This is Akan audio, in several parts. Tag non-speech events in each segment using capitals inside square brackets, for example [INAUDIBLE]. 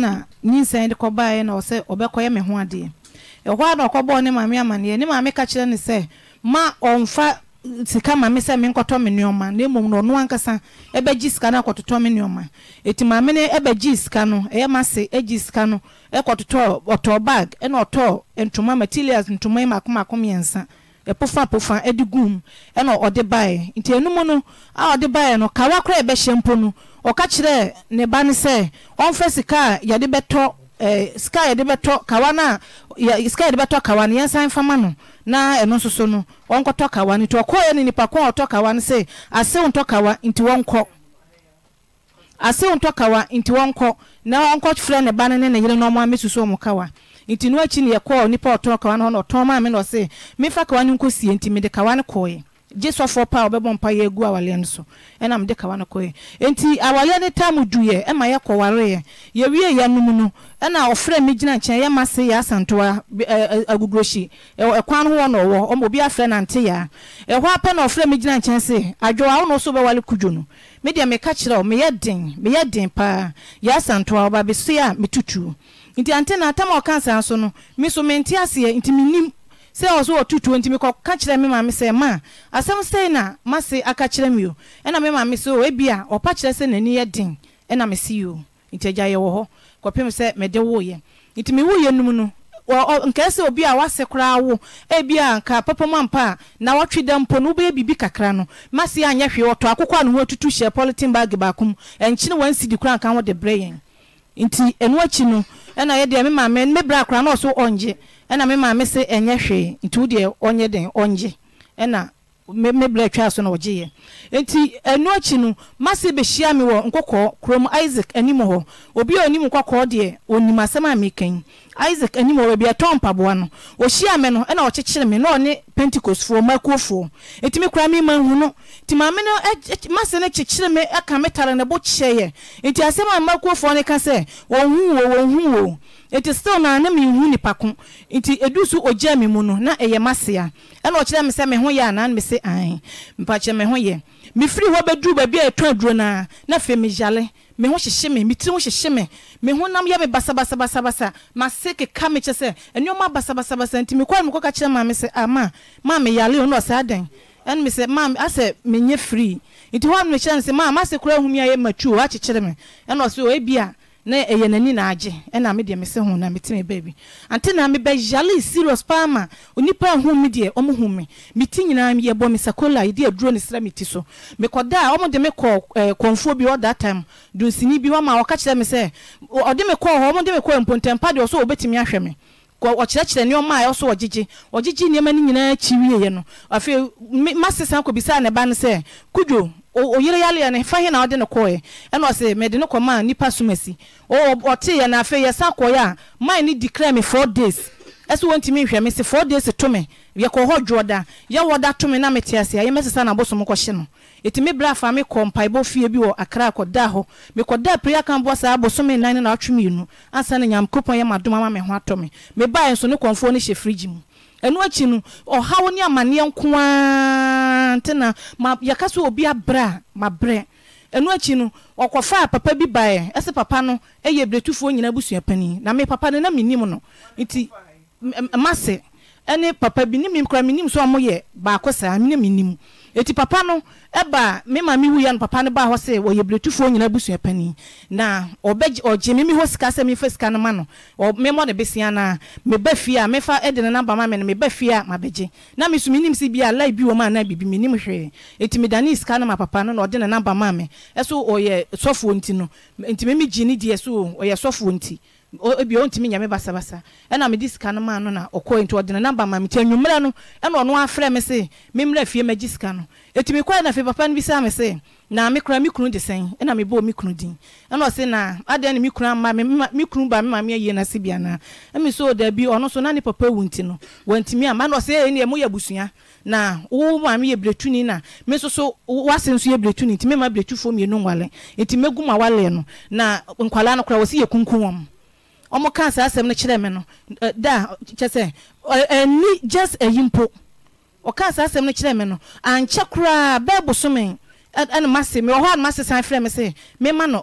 na nyinsa de kɔbaeɛ na ɔsɛ ɔbɛkɔyɛ me ho adeɛ ɛhɔ a na ɔkɔbɔɔ ne maame amanneɛ ne maame ka kyerɛ ne sɛ ma ɔmfa sika maame sɛ menkɔtɔ me nneɔma na mmom na ɔno ankasa ɛbɛgye sika no akɔtotɔ me nneɔma ɛti maame no ɛbɛgye sika no ɛyɛ ma se ɛgye sika no ɛkɔtotɔ ɔtɔɔ bag ɛna ɔtɔɔ ntoma materials ntoma yi mako mako mmiɛnsa ɛpofa pofa ɛde gum ɛna ɔde baeɛ nti ɛnum no a ɔde baeɛ no kawa koraa ɛbɛhyɛ mpo no ɔka kyerɛ ne ba eh, ne sɛ ɔmfa sika a yɛde bɛtɔ sika yɛde bɛtɔ kawa no a sika yɛde bɛtɔ kawa no yɛnsan fama no na ɛno nso so no ɔnkɔtɔ kawa no nti ɔkɔɔ yɛ ne nipa ko ɔtɔ kawa no sɛ asew ntɔ kawa nti wɔnkɔ asew ntɔ kawa nti wɔnkɔ na ɔnkɔ frɛ ne ba no ne ne yere no ɔmo ame susu ɔmo kawa nti no akyi ne yɛkɔɔ nipa ɔtɔ kawa no ɔtɔn maa na ɔse mefa kawa no nkɔ sie nti mede kawa no kɔɔɛ gye sɔfoɔ pa a ɔbɛbɔ mpa yɛ egu awaleɛ no so ɛna mede kawa no kɔɛ nti awaleɛ no tam duiɛ ɛma yɛ kɔwareɛ yɛwie yɛnom no ɛna ɔfrɛ me gyina nkyɛn yɛ ma se yɛ asantoa agugurohyi ɛkwan hɔ na ɔwɔ ɔma obi afrɛ nante yɛa ɛhɔ apɛ na ɔfrɛ me gyina nkyɛn se adwoa wo na ɔso wobɛwale kudwo no medeɛ meka kyerɛ wo meyɛ den meyɛ den paa yɛ asantoa ɔba bɛsoe a metutuo nti ante na atam a sɛ wɔ so wɔtotuo nti mekɔka kyerɛ me mame sɛ ma asɛm sɛi na mase aka kyerɛ me o ɛna me mame sɛ ebia ɔpa kyerɛ sɛ n'ani yɛ den ɛna mese yi o nti agya yɛwɔ hɔ kɔpem sɛ mede woyɛ nti mewoyɛ num no nkae sɛ obi a wase koraa wo ebia nka papa mu a na watwi dɛm po no wobɛyɛ biribi kakra no mase anyɛ hwee wɔtɔ akokɔ a ne ho atutu hyɛ polythene bag baako mu ɛnkyene wansi di koraa nka ho de brɛ yɛn nti ɛno akyi no ɛna yɛdeɛ me maame me akora na ɔso ɔngye ɛna me ɛnyɛ hwee nti ɔnyɛ den ɔngye ɛna twa so na ɔgyeɛ nti ɛno akyi no mase bɛhyia me wɔ nkɔkɔɔ kurom isaac anim hɔ obi a onim nkɔkɔɔ deɛ onim asɛm a isaac anim hɔ baabi mpaboa no ɔhyia no ɛna ɔkyekyere na ɔne pentecostfoɔ makuofoɔ nti me kora mema hu no nti maame no mase no kyekyere me aka me tare ne bo kyɛeɛ nti asɛm a makuofoɔ no ka sɛ wo wo ti sil nne mehu nepako ti du so yamemu na yemas nkrɛ ms meosmo aa frrem na ɛyɛ n'ani na agye ɛna mi deɛ mesɛ ho na mi ti mi baabi ante na mi bɛ yale serious paama onipa ahu mi deɛ ɔmo hu mi mi ti nyinaa yɛ bɔ mi sakola yɛ de aduro ne sira mi ti so mi kɔ da a ɔmo de mi kɔ ɛɛ eh, kɔnfuo bi ɔda time dunsini bi wama ɔka kyerɛ mi sɛ ɔde mi kɔ hɔ ɔmo de mi kɔ mpontɛmpa deɛ ɔso obetumi ahwɛ mi ɔkyerɛkyerɛ nneɛma a ɔso ɔgyegye ɔgyegye nneɛma no nyinaa kyiwieɛ no afei masesa kɔbisa ne ba ne sɛ kudwo oyere yale yɛ ne fa hɛ na ɔde ne kɔɛ ɛna ɔsɛ mɛde ne kɔma nipa sumasi ɔte yɛ na afei yɛsa kɔɛ a mine ne declare me four days ɛsɛ wɔntumi nhwɛ me sɛ four days to me yɛkɔ hɔ dwoɔ da yɛwɔ da to me na mete ase a yɛmɛsesa na abosom kɔhye no ɛti me berɛ afa mekɔ mpaebɔ fie bi wɔ akra kɔdaa hɔ mekɔdaa prayer camp wɔ saa abosome nnan ne na atwe mmienu ansa ne nyankopɔn yɛ madom ama me ho atɔ me mebaeɛ nso ne kɔmfoɔ no hyɛ frigyi mu ɛno akyi no ɔhaw ne amanneɛ nko aa nti na ma yɛka sɛ obi abrɛ a mabrɛ ɛno akyi no ɔkɔfaa papa bi baeɛ ɛsɛ papa no ɛyɛ bretufoɔ nyinaa busua panin na me papa no na menim no nti mase ɛne papa binem ra menim somo yɛ baako saa mene menim ɛti papa no ba mema mewua no papa no bahɔ sɛ ɔyɛ brɛtufuɔ yina bsua pani mmhɔ skasɛ mfa ska no mas mns bbn ti medane ska noma ppanaɔdenenaamames yɛ sfɔ nti no ntimemegyi ne di s ɔyɛ sɔfoɔ nti ebi ontimi nyame basabasa ɛna mede sika no maa no na ɔkɔ nti ɔde ne namba ma meti anwummerɛ no ɛna ɔno afrɛ me se memmerɛ fie magye sika no ɛtumi kɔɛ na afei papa no bisaa me se na me kura me kunu de sɛn ɛna mebɔɔ me kunu din ɛna ɔse na adi ne me kunu ama me kunu ba me ma me ayie no ase bianaa ɛme so daabi ɔno so na papa wu nti no wantimi ama na ɔse ɛneɛ moyɛ abusua na wo maame yɛ bretuni na me nso so wase nso yɛ bretuni nti mema bretufoɔ mmienu nwale nti mɛgu ma waleɛ no na nkwalaa no kora wɔ yɛ kunkun wɔn ɔmo ka saa asɛm no kyerɛ me noakyɛ sɛ ni jus ayi mpo ɔka asaa asɛm no kyerɛ me no ankyɛ koraa bɛbo some nemaseɔhɔ nmase sane frɛ me sɛ memanasra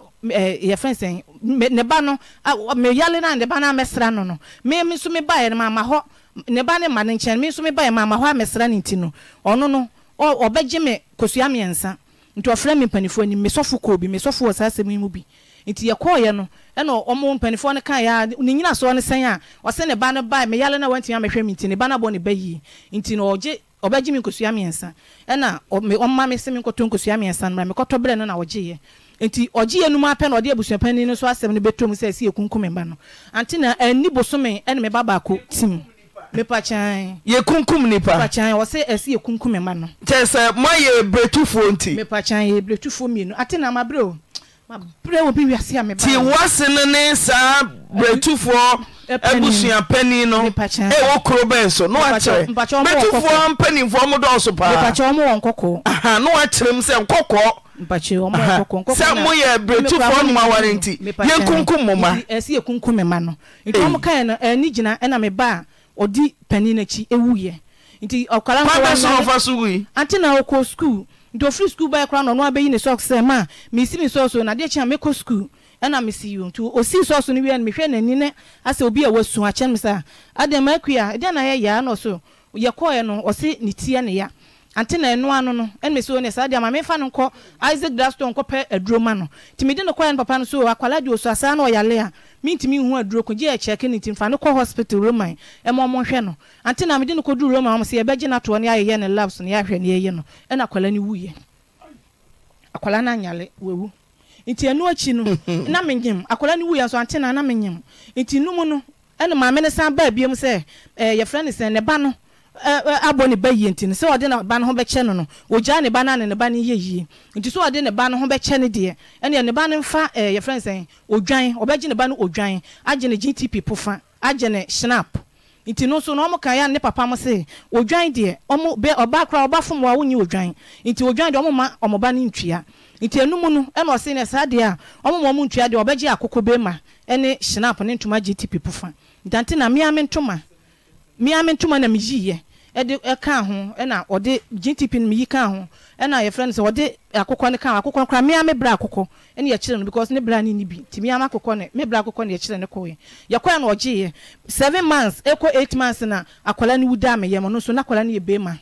mmɛsra ntinonbɛgye me kosua miɛnsa nti ɔfrɛ me mpanifo ani mesɔfo kobi mesɔfo wɔ saa sɛm mu bi nti yɛkɔɔyɛ no ɛna ɔmo mpanimfoɔ no ka yɛa ne nyina soɔ no sɛn a ɔsɛ ne ba no ba meyale na wantumi amɛhwɛ me nti ne ba no abɔ ne ba yie nti na ɔgye ɔbɛgye me nkosua mmiɛnsa ɛna ɔma me se me nkɔtɔ nkosua mmiɛnsa no mra mekɔtɔ berɛ no na ɔgyeeɛ nti ɔgyeeɛ no mu apɛ na ɔde abusua panin no so asɛm no bɛtɔ mu sɛ ɛsi yɛkunkum me ba no ante na ɛni bosome ɛne me ba baako tim mepakyan. yɛkunkum nipa mepakyan wɔsɛ ɛsi yɛkunkum me ma no. kyɛ sɛ mo ayɛ bretufoɔ nti. mepakyan yɛ bretufoɔ mmienu ate na amabere o ti wase no ne saa berɛtufoɔ abusua pani no wɔ kuro bɛn so na wakyerɛberɛtufoɔ mpanimfoɔ modɔɔso paa na wakyerɛ m sɛ nkɔkɔɔ sɛ moyɛ berɛtufoɔ noma ware nti yɛnkunkum mo ma ɔde pani no akyi ɛwuyɛ nti ɔkwara nkwaraa no ante na ɔkɔ skuul nti ofiri sukuu bɛyɛ koraa na ɔno abɛyi ne socks sɛ ma mesi mi socks na adeɛ kyen a mekɔ sukuu ɛna mesi yi nti osi socks no wia no mehwɛ n'ani ne asɛ obi a wasu akyɛn mi sɛ adeɛ ma akua adeɛ na yɛ yaa na ɔso yɛ no ɔsi ne tia ne ya ante na ɛno ano no ɛna mesi wɔn saa deɛ maame fa no nkɔ isaac glaston nkɔpɛ aduro ma no tìmi de ne kɔɛ no papa no so akwalaa de osu asan na ɔyale a mi ntumi hu aduro ko gye ɛkyɛ ke ne ti nfa ne kɔ hospital roman ɛma ɔmo hwɛ no ante na mi de ne kɔ du roman ɔmo sɛ yɛbɛgye na toɔ ne ayɛyɛ ne labs ne yɛahwɛ ne yɛyɛ no ɛna akwalaa ne wuyɛ akwalaa na anyale wewu nti ɛnu akyi no [LAUGHS] na mi nyim akwalaa ne wuyɛ nso ante na na mi nyim nti numu no ɛna maame ne san baa ebiem sɛ ɛɛ eh, yɛfrɛ ne sɛ ne ba no abɔ ne ba yie ntị no ɔde ne ba no ho bɛkyɛ no no ɔgyaa ne ba no na ne ba no yie ntị ɔde ne ba no ho bɛkyɛ no deɛ ɛneɛ ne ba no mfa yɛfrɛ sɛn odwan ɔbɛgye ne ba no odwan agye ne gtp pofa agye ne snap nti na ɔmo kan yɛ ne deɛ bɛ ɔba ɔba fom a odwan nti odwan deɛ ma ba enum no mmea me ntoma na meyiiɛ ɛde ɛka ho ɛna ɔde gtp no meyi ka ho ɛna yɛfrɛ no sɛ ɔde akokɔ no ka ho akokɔ no kora mmea mebrɛ akokɔ ɛne yɛkyerɛ no because ne bra ne ni bi nti mmea ma akokɔ no mebrɛ akokɔ no yɛkyerɛ no kɔɛ yɛkɔɛ no ɔgyeeɛ seven months ɛkɔ eight months na akɔla no wuda meyɛ mu no nso na akɔla eh, eh, no yɛ bɛma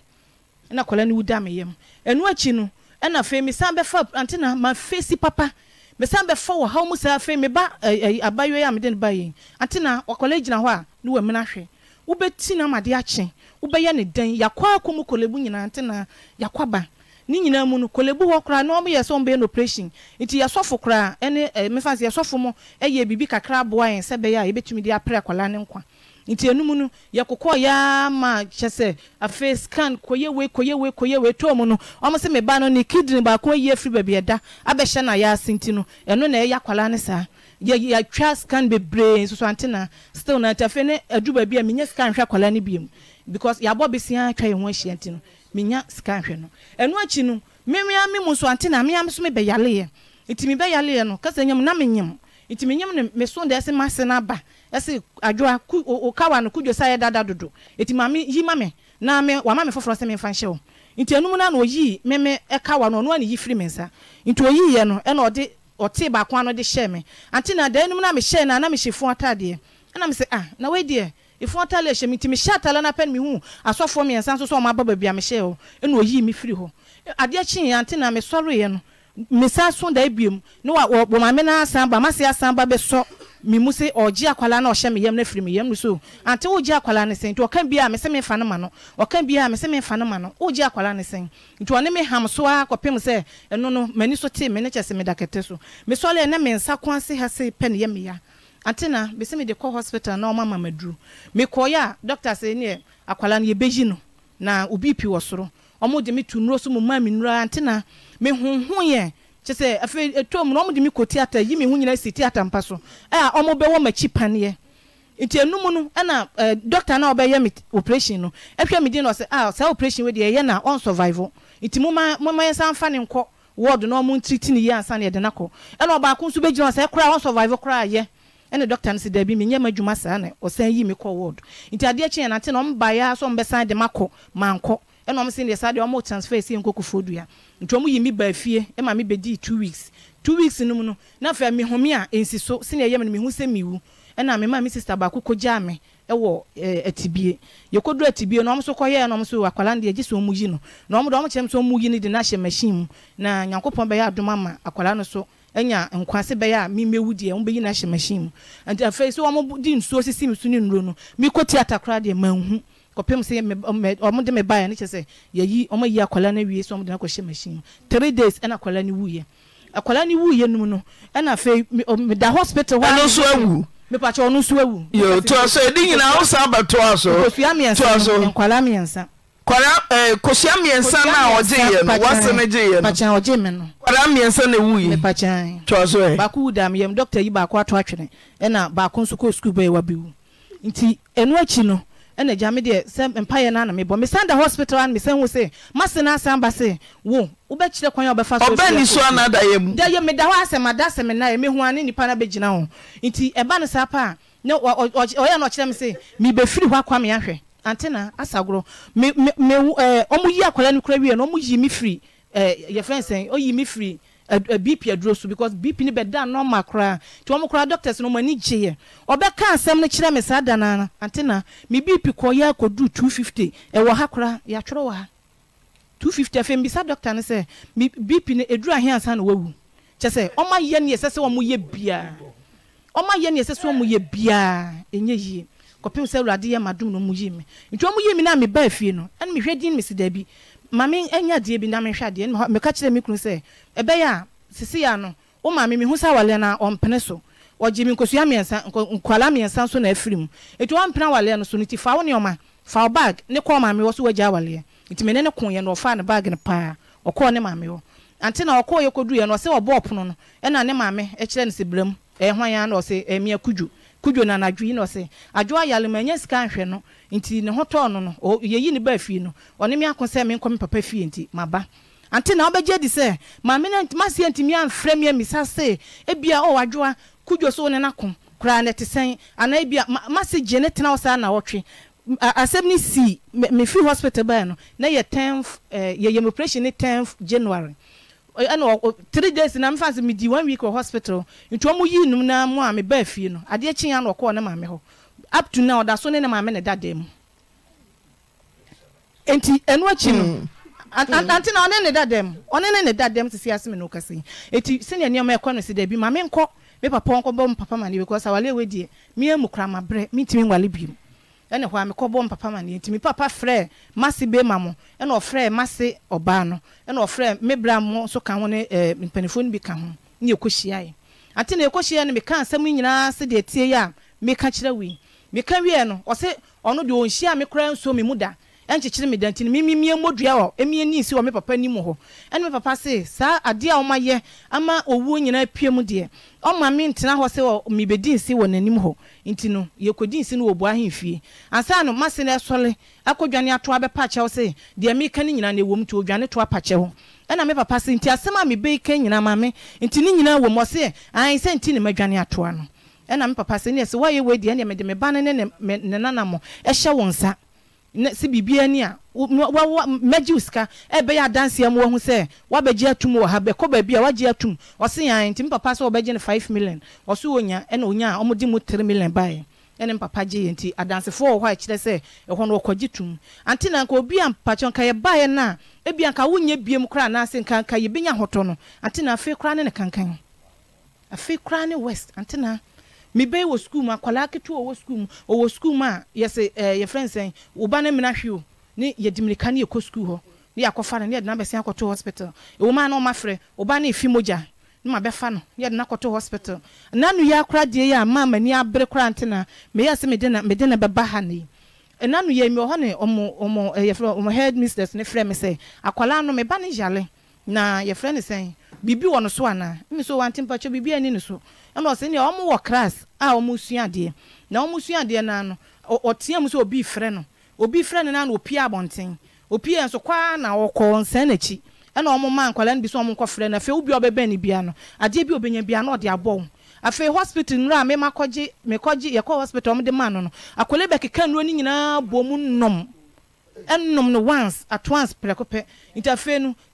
ɛna akɔla no wuda meyɛ mu ɛno akyi no ɛna afei mesan bɛfa ante na mafesi papa mesan bɛfa wɔ haw mu saa afei meba abayewa yi a mede no ba yɛ ante na ɔkɔla gyina hɔ a ne wɔ mina hwɛ wobɛti na amade akye wobɛyɛ ne dan yakɔ akɔ mu kolebu nyinaa nti na yakɔ aba ne nyinaa mu no kolebu hɔ koraa na ɔmo yɛ sɛ ɔmo no operation nti yɛsɔfo koraa ɛne ɛɛ mefa se yɛsɔfo mo ɛyɛ bibi kakra aboa yɛn sɛ bɛyɛ a yɛbɛtumi de apɛ akwadaa ne nkwa nti enum no yɛkokɔ yaa ma kyɛ sɛ afei scan kɔyɛ wei kɔyɛ wei kɔyɛ wei to ɔmo no ɔmo sɛ meba no ne kidney baako ayi afiri baabi ɛda abɛhyɛ na yɛ ase no ɛno na ɛyɛ akwadaa ne saa yɛatwa scan bebree nso so ante na still na ntafe ne aduru baabi a menya scan hwɛ akwadaa no bi mu because yɛabɔ besia atwa yɛn ho ahyia nti no menya scan hwɛ no ɛno akyi no mmea me mu nso ante na mmea nso mebɛyaleɛ nti mebɛyaleɛ no kasa nyam na menyam nti menyam no meso de ɛsɛ mase no aba ɛsɛ adwoa ku okawa no kudwo sa yɛ dada dodo nti maame yi ma me na me wama me foforɔ sɛ memfa nhyɛ wo nti ɛnum no na oyii meme ɛkawa no ɔno a ne yi firi me nsa nti oyii yɛ no ɛna ɔde ɔte baako ano de hyɛ me anti na dan anim na mehyɛ no a na mehyɛ fun atadeɛ ɛna me sɛ ah na wei deɛ ɛfun atale ɛhyɛ me nti mehyɛ atale no apɛ no mehu asɔfoɔ mmiɛnsa nso sɛ ɔma aba baabi a mehyɛ hɔ ɛna ɔyii me firi hɔ adeɛ kyeeɛ anti na mesɔreeɛ no mesa so da abiem ne wɔ maame no asan ba amase asan ba bɛsɔ mimu se oh, ɔgye akwalaa na ɔhyɛ mi yam na firi mi yam no so ante oh, wogye akwalaa ne sɛn nti ɔka bi a mɛsɛ mi nfa ne ma no ɔka bi a mɛsɛ mi nfa ne ma no wogye oh, akwalaa ne sɛn nti ɔne mi ham so a kɔpem sɛ ɛno no mɛni so tee mi ne kyɛ sɛ mi da kɛtɛ so mi sɔle yɛ na mi nsa kɔn ase ha se pɛ ne yam ya ante na bɛsɛ mi de kɔ hospital na ɔma ma duro mi kɔ yɛ a doctor sɛ ne yɛ akwalaa no yɛ bɛyi no na obi pi wɔ soro ɔmo de mi tu nuro so mo maa mi nuro ante na mi hunhun yɛ kyɛ sɛ afei etuo mu na ɔmo de mi kɔ tiata yi mi ho nyinaa si tiata mpa so ɛa ɔmo bɛwɔ m'akyi paneɛ nti enum no ɛna ɛɛ dɔkta na ɔbɛyɛ mi operation no ɛhwɛ mi din na ɔsɛ a saa operation wei deɛ ɛyɛ na ɔn survive nti mo ma mo ma yɛ san fa ne nkɔ wɔɔdo na ɔmo ntiri ti ne yie ansa na yɛde nakɔ ɛna ɔbaako nso bɛgyina ɔsɛ koraa ɔn survive koraa yɛ ɛna dɔkta no sɛ daabi mi nyɛ ma adwuma saa na ɔsan yi mi kɔ wɔɔdo nti adeɛ kyɛn na ate na ɔmo ba yɛ asɔ ɔmo bɛsan de ma kɔ ma nkɔ ɛna ɔmo sɛ deɛ saa deɛ ɔmo transfer si nkokofo dua nti wɔn yi mi ba fie ɛma e mi bɛdi two weeks two weeks no mu no n'afɛ mihome a nsi so sini ɛyɛ mi no mihu sɛ miwu ɛna mi ma mi sista baako kogya mi ɛwɔ ɛɛ ɛtibie yɛkodo ɛtibie na wɔn so kɔyɛ na wɔn so akwalaa deɛ gye so wɔn yi no na wɔn de wɔn kyerɛ so wɔn yi no de n'ahyɛ machine mu na nyankopɔn bɛyɛ adum ama akwalaa no so ɛnya nkwasi bɛyɛ a mi mewu deɛ wɔn bɛyi n'ahyɛ machine mu nti afei so wɔn di nsuo sisi mi so ne nnuro no mi kɔ tiata koraa deɛ manhu kɔpem sɛ ɔmo de me baeɛ ne kyɛ sɛ yɛyi ɔmo yi akwadaa no awie so ɔmo de no akɔhyɛ machine mu three days ɛna akwadaa no wuiɛ akwadaa no wuiɛ no mu no ɛna afei meda hospital hɔ ɛno nso awu mepakyɛ ɔno nso awu yo toa so ɛde nyinaa wo san ba toa so kosua mmiɛnsa nkwadaa mmiɛnsa kwadaa ɛɛ eh, kosua mmiɛnsa na ɔgye yɛ no wɔsi ne gye yɛ no pakyɛn ɔgye mi no kwadaa mmiɛnsa na ewu yi mepakyɛn toa so ɛ eh. baako wu dam yɛm dɔkta yi baako ato atwene ɛna ɛna gya me deɛ sɛ mpayɛ no mi mebɔ mesan da hospital ana mesɛ hu se mase no asan ba se wo wobɛkyerɛ kwan a wobɛfa soɔbɛni so ana da yɛ mu da yɛ meda hɔ asɛm ada sɛ menaɛ mehu a ne nnipa no bɛgyina ho nti ɛba no saa pa a ne ɔyɛ no ɔkyerɛ me se mebɛfiri hɔ akwa me ahwɛ ante na asagorɔ ɔmo yi akwadaa no kora wie no ɔmo yi me firi yɛfrɛ sɛn ɔyi me firi Eh, bp aduro so because bp ni bɛda nɔɔma koraa nti wɔn koraa doctors no wɔn ani gye yɛ ɔbɛka asɛm no kyerɛ me saa da nana ante na me bp kɔ yɛ akɔdu two fifty ɛwɔ ha koraa yɛatwerɛ wɔ ha two fifty afei mbisa doctor no sɛ me bp no eduru ahen asan na wawu kyɛ sɛ ɔmo ayɛ ne ɛsɛ sɛ wɔn yɛ biara ɔmo ayɛ ne ɛsɛ sɛ wɔn yɛ biara enye yie kɔpem sɛ awurade yɛ ma dum na wɔn yie mi nti wɔn yie mi na mi ba efie no ɛna mi hwɛ din mi si dɛbi maame anya deɛ bi na mehwɛ adeɛ na meka kyerɛ me sɛ ɛbɛyɛ a sisi ya no wo maame mehu sɛ awale na ɔmpene so ɔgye mi nkosua mmiɛnsa nkwala mmiɛnsa nso na efiri mu etu ɔmpene awaleɛ no so no nti fa wo nneɔma fa bag ne kɔɔ maame wɔ so wagya awaleɛ nti mene ne koeɛ no ɔfaa ne bag no paa ɔkɔɔ ne maame wɔ ante na ɔkɔɔ yɛ kɔduiɛ no ɔsɛ ɔbɔɔ pono no ɛna ne maame ɛkyerɛ no sɛ bram ɛɛ hwan ya na ɔsɛ ɛmia kudwo kudwo na anadwo yi na ɔsɛ adwo ayale ɛnyɛ sika nhwɛ no nti ne ho tɔɔ no no yɛyi ne ba fie no ɔne me ako sɛ menkɔ me papa fie nti maba ante na wobɛgye di sɛ maame no maseɛ ntimi amfrɛ me amisa se ebia ɔ wadwoa kudwo so wo ne no ako koraa ne te sɛn anaa ebia mase gye ne tena wo saa na wɔtwe asɛm no si mefi hospital baa no na yɛ 10 eh, yɛyɛ operation ne 10 january ɛna three days na mefa sɛ medi one week wɔ hospital nti ɔmo yi num na mu a mebaa fie no adeɛ kyi ya na ɔkɔɔ ne maame hɔ up to now ɔda so ne ne maame ne da dan mu nti ɛno akyi no hmm. ante na ɔne ne da dan mu ɔne ne ne da dan mu sisi asem na ɔkasa yi eti sɛnea nneɛma ɛkɔ no si dɛbi maame nkɔ me papa nkɔ bɔ mu papa ma ne because awale ewe deɛ mie mu kura ma brɛ mi ntumi nwale bi mu ɛna hɔ a mekɔbɔ mpapa ma neɛ nti papa frɛ mase bema mo ɛna ɔfrɛ masi ɔbaa no ɛna ɔfrɛ mebra mo nso ka ho ne eh, mpanifoɔ no bi ka ho ne yɛkɔhyiaeɛ ante na yɛkɔhyiaeɛ no meka nsɛm nyinaa sɛ deɛ tie yi a meka kyerɛ wei meka wie no ɔse ɔno deɛ ɔnhyia me nsuo me mu da ɛnkyekyere me danti no memimie mmɔdua wɔ ɛmie ni si wɔ me papa anim hɔ ɛne me papa se saa adeɛ a ɔmayɛ ama owuo nyinaa pie mu deɛ ɔma me ntena hɔ sɛ mebɛdi nsi wɔ n'anim hɔ nti no yɛkɔdi nsi no wɔ bua ahemfie ansa no mase no ɛsɔle akɔdwane atoa bɛpa kyɛw se deɛ ka no nyinaa na ɛwɔ m nti ɔdwane toa pa kyɛw ɛna me papa se nti asɛm a mebɛi ka nyinaa ma me nti ne nyinaa wɔ m ɔse ae sɛ nti ne madwane atoa no ɛna me papa se ne ɛsɛ woayɛ wei deɛ ɛneɛ mede me ba ne ne nanamɔ ɛhyɛ wo nsa sɛ biribia ni a mɛgye wo sika ɛbɛyɛ adanseɛ mu wahu sɛ woabɛgye atom wɔ ha bɛkɔ baabi a woagye atom ɔse yan nti mpapa sɛ wɔbɛgye no 5 million ɔso wɔnya ɛna ɔnya a ɔmode mu 3 million baeɛ ɛne mpapa gye yɛ nti adansefoɔ wɔ hɔ a ɛkyerɛ sɛ ɛhɔ no wɔkɔgye tom ante na nka obi a mpakyɛ nka yɛbaeɛ no a ebia nka wonyɛ biem koraa anaasɛ nka nka yɛbɛnya ahotɔ no ante na afei koraa ne ne kankan afei koraa ne west ante na mebɛyi wɔ sukuu mu akwalaa ketewa ɔwɔ sukuu mu ɔwɔ sukuu mu a yɛsɛ ɛɛ eh, yɛfrɛ nsɛn ɔba ne mina hwi o ne yɛdi mirika ne yɛkɔ sukuu hɔ ne yɛakɔfa no ne yɛde nabɛsɛn akɔto hospital ɛwɔ mu a na ɔma frɛ ɔba ne efi mogya ne ma bɛfa no ne yɛde nakɔto hospital nanu yɛ akora deɛ yɛ a maa ma ni abere kora ntena meyɛ sɛ mede na mede na bɛba ha ne yi ɛnanu yɛ mi ɔhɔ ne ɔmo ɔmo ɛyɛfrɛ eh, ɔmo head mistress ne frɛ mi sɛ akwalaa no meba ne yale na yɛfrɛ ne sɛn biribi wɔ no so anaa mi so wante mpakyɛ biribi ani ne so ɛna ɔsɛ nea ɔmo wɔ class a ɔmo adeɛ na ɔmo sua adeɛ naa ɔtea mu obi frɛ no obi frɛ na opi abɔnten opi yɛn nso kwaa na ɔkɔ nsɛn n'akyi ɛna ɔmo ma nkwalaa no bi so ɔmo nkɔ frɛ no afei obi bi obenya bia na ɔde abɔ wɔn afei hospital a mema kɔgye mekɔgye yɛkɔ hospital ɔmo de ma no no nnuro nyinaa bɔ mu no once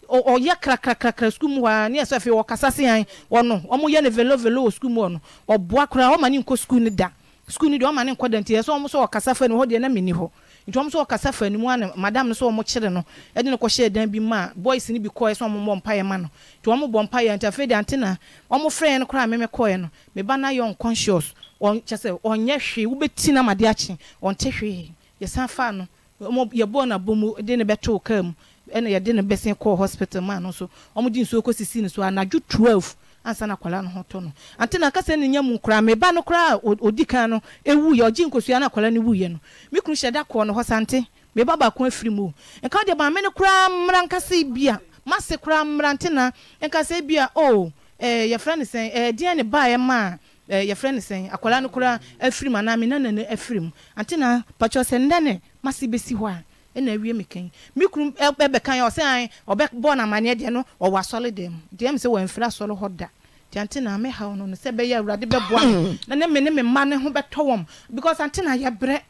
ɔyɛ kakrakrakra sukuu mu waa ne yɛsɛ afei wɔkasa se yan ɔno ɔmo yɛ ne velovelo wɔ sukuu mu ɔno ɔboa koraa ɔma ne nkɔ sukuu ne da sukuu ne deɛ ɔma ne nkɔ da nti yɛ sɛ ɔmo sɛ ɔkasa fa ne hɔ deɛ na meni hɔ nti ɔmo sɛ ɔkasa fa ne mu ana madam no sɛ ɔmo kyerɛ no ɛde ne kɔhyɛ dan bi mu a boys ne bi kɔɛ sɛ ɔmo bɔ mpaeɛ ma no nti ɔmo bɔ mpaeɛ nti afei deɛ ante na ɔmo frɛ yɛn no koraa mɛmɛ kɔɛ no meba na yɛ unconscious ɔnkyɛ sɛ ɔnyɛ hwee wobɛti na amade akye ɔnte hwee yɛsan fa no yɛbɔɔ na bɔ mu de ne bɛtoo kaa mu ɛna yɛde no bɛsɛn kɔɔ hospital maa no nso ɔmo de nsuo kɔsisi ne so anadwo twelve ansa na akwadaa no ho tɔ no ante na akasa ne nya mu koraa meba no koraa odi kan no ewu yɛ ɔgye nkosua na akwadaa no wu yɛ no mi kunu hyɛ da kɔɔ no hɔ sante meba baako afiri mu nka ɔde maame no koraa mmra nkasa bia mase koraa mmra ante na nkasa bia o oh, ɛɛ eh, yɛfrɛ ne sɛn ɛɛ eh, deɛ ne baa yɛ maa ɛɛ eh, yɛfrɛ ne sɛn akwadaa no koraa afiri mu anaa mi nana ne afiri mu ante na patsɔ sɛ ndɛ ne mase besi hɔ a ɛna awie mi kan mi kunu ɛbɛ e, e, kan ɔsɛ an ɔbɛ bɔ n'amaneɛ deɛ no ɔwɔ asɔre dɛm deɛ mi sɛ wɔn mfiri asɔre hɔ da tiante na ame haw no no sɛ bɛyɛ awurade bɛboa no na ne me ne me mma ne ho bɛtɔ wɔm because ante na yɛbrɛ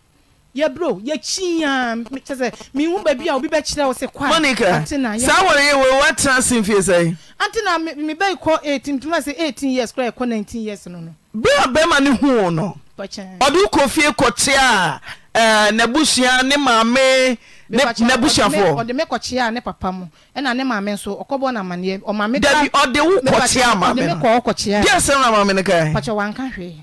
yɛbrɛ yɛkyiyaa kyɛ sɛ mehu baabi a obi bɛkyerɛ wo sɛ kwa monica saa wɔre yɛ wɔ woatena se mfie sɛe ante na mebɛi kɔ 18 tuma sɛ 18 years kora ɛkɔ 19 years no no berɛ a bɛrima ne huu no ɔde wokɔ fie kɔkye a ɛɛ eh, ne maame ne n'abusuafoɔ. ɔde me kɔkyea ne papa mu ɛna ne maame nso ɔkɔbɔ na amaneɛ ɔmaame. dabi ɔde wo kɔkyea maame no ɔde me kɔɔ kɔkyea. diɛ sɛm na maame no kaa. pàtɛ wanka hwee.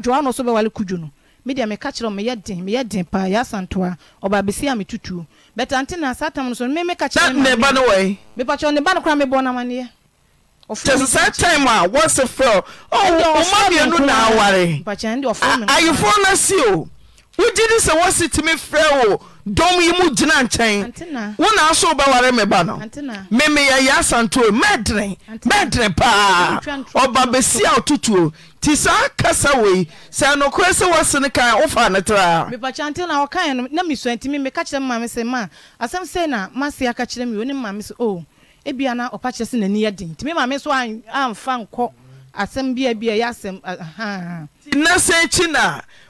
adwoa no so bɛwale kudwo no media meka kyerɛ wo meyɛ den meyɛ den paa yɛ asantoa ɔba bɛsi a metutuo bɛtante na saa tam no so me meka kyerɛ ne ba no wɔi mepa kyerɛ ne ba no kora mebɔ no amanneɛ kyɛsɛ saa time a wɔse frɛ ɔma mmienu na aware ayefoɔ no si o wogye di sɛ wɔse tumi frɛ wo dɔm yi mu gyina nkyɛn wona so wobɛware me ba no memeyɛ yɛ asantoo mɛdene mɛdene paa ɔba bɛsia ɔtotuo nti saa kasa wei sɛ nokorɛ sɛ woase ne kan wofa ne traa mepakyɛ nte na ɔkaɛ no na mesua ntimi meka kyerɛ mma me sɛ ma asɛm sɛ na mase aka kyerɛ me ne mma me sɛ o oh, ebia na ɔpa kyerɛ sɛ n'ani yɛ den nti me ma me so nkɔ asɛm bia bia yɛ asɛm na sɛ na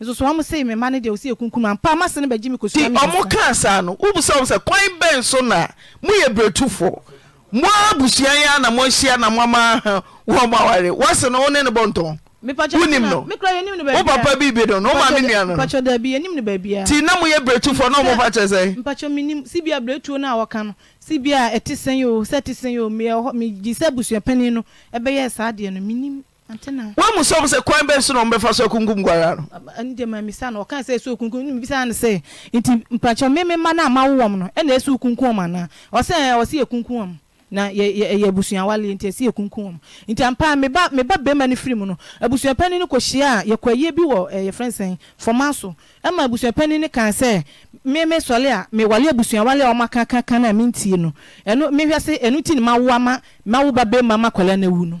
nso so am sɛ ɛ me ma no deɛ wɔ sɛ yɛ kunku nu pa maseno bɛgye mekɔsti ɔmo kaa saa no womu sɛ m sɛ kwan bɛ so no moyɛ berɛtufɔ moa busua ia na mɔhyia na moamaaha [LAUGHS] wɔ m aware wose no wo ne no bɔntɔwonim no wo papa biribi no no woma me nuano n b ti ne moyɛ berɛ tufɔ na ɔmopakyɛ sɛesɛ sɛ absuapni n bɛyɛ saade noen wamu sɛ m sɛ kwan bɛ so na ɔmbɛfa so akunkum gwara no ndɛmamisa no ɔka sɛ ɛsɛ okunkum mbisa no sɛ nti mpakyɛ meme ma no a mawowɔm no ɛna ɛsɛ okunkum ana ɔsɛ ɔsɛ yɛkunkum am na yɛ abusuawale nti ɛsɛ yɛkunkum am nti ampa meba meba bɛma no firi mu no abusuapani e no kɔhyia a yɛkɔyie bi wɔ e, yɛfrɛ sɛn e, fɔma so ɛma abusuapani no kaa sɛ meme sɔle a mewale abusuawale no a mentie no ɛno mehwɛ sɛ ɛno ti ne mawoa ma mawo ba bɛma ma kɔla no awu no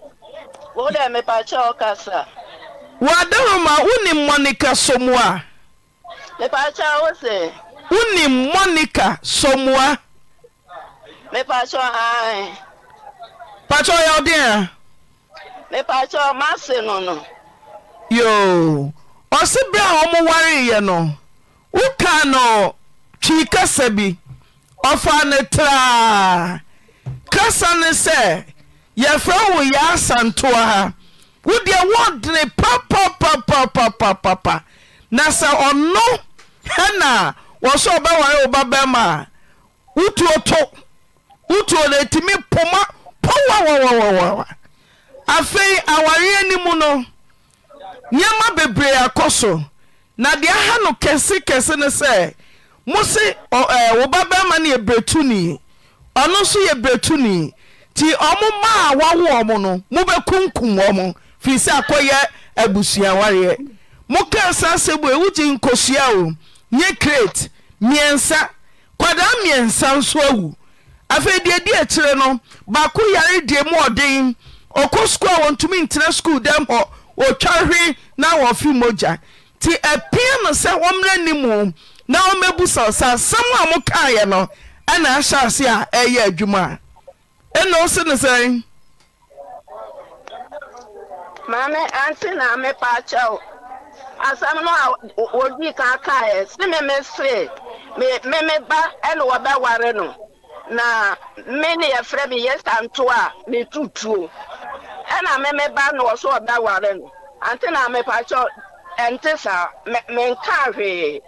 Wode ma wunim Monica Somua. Mepakyɛ wo se. Wunim Monica Somua. Mepakyɛ ae. Pakyɛ ɔyɛ ya? a. Mepakyɛ ɔma no no. Yoo, ɔsi bere a wɔn wareyɛ no, woka no twi kasa bi, ne Kasa ne yɛfrɛ wo yɛ asantoa ha wodeɛ wɔdene papapapapapapa na sɛ ɔno ɛna wɔ so ɔbɛware wo babɛma a wotuo to wotuo no atumi poma powawwwwa afei awareɛ ni mu no nneɛma bebree akɔ so na deɛ aha no kɛsekɛse no sɛ mo se wo babɛma no yɛ berɛtu nii ɔno nso yɛ berɛtu nii nti ɔmomaa wawoɔ mo no mobɛkunkum ɔ mo firi sɛ akɔyɛ abusuawareɛ mokaa saa sɛ ewu wogye nkosua o nye krete mmiɛnsa kwadaa mmiɛnsa nso awu afei deɛ di akyirɛ no baako yare deɛ mu ɔden ɔkɔ skuul a wɔntumi ntena skuul dɛm hɔ ɔtwa hwe na wɔfe mmogya nti apia no sɛ wɔmmra ni mu na ɔmmɛbu saw sa asɛm a mokaeɛ no ɛna ahyɛ ase a ɛyɛ adwuma a ɛna wo se ne sɛn maame ante na mepa akyɛw asɛm no a wɔdi kan kaeɛ se me me seree me me ba ɛna wɔbɛware no na me ne yɛfrɛ me yɛsanto a metutuo ɛna me me ba na ɔso ɔbɛware no ante na mepa akyɛw ɛnte saa menkaa hwee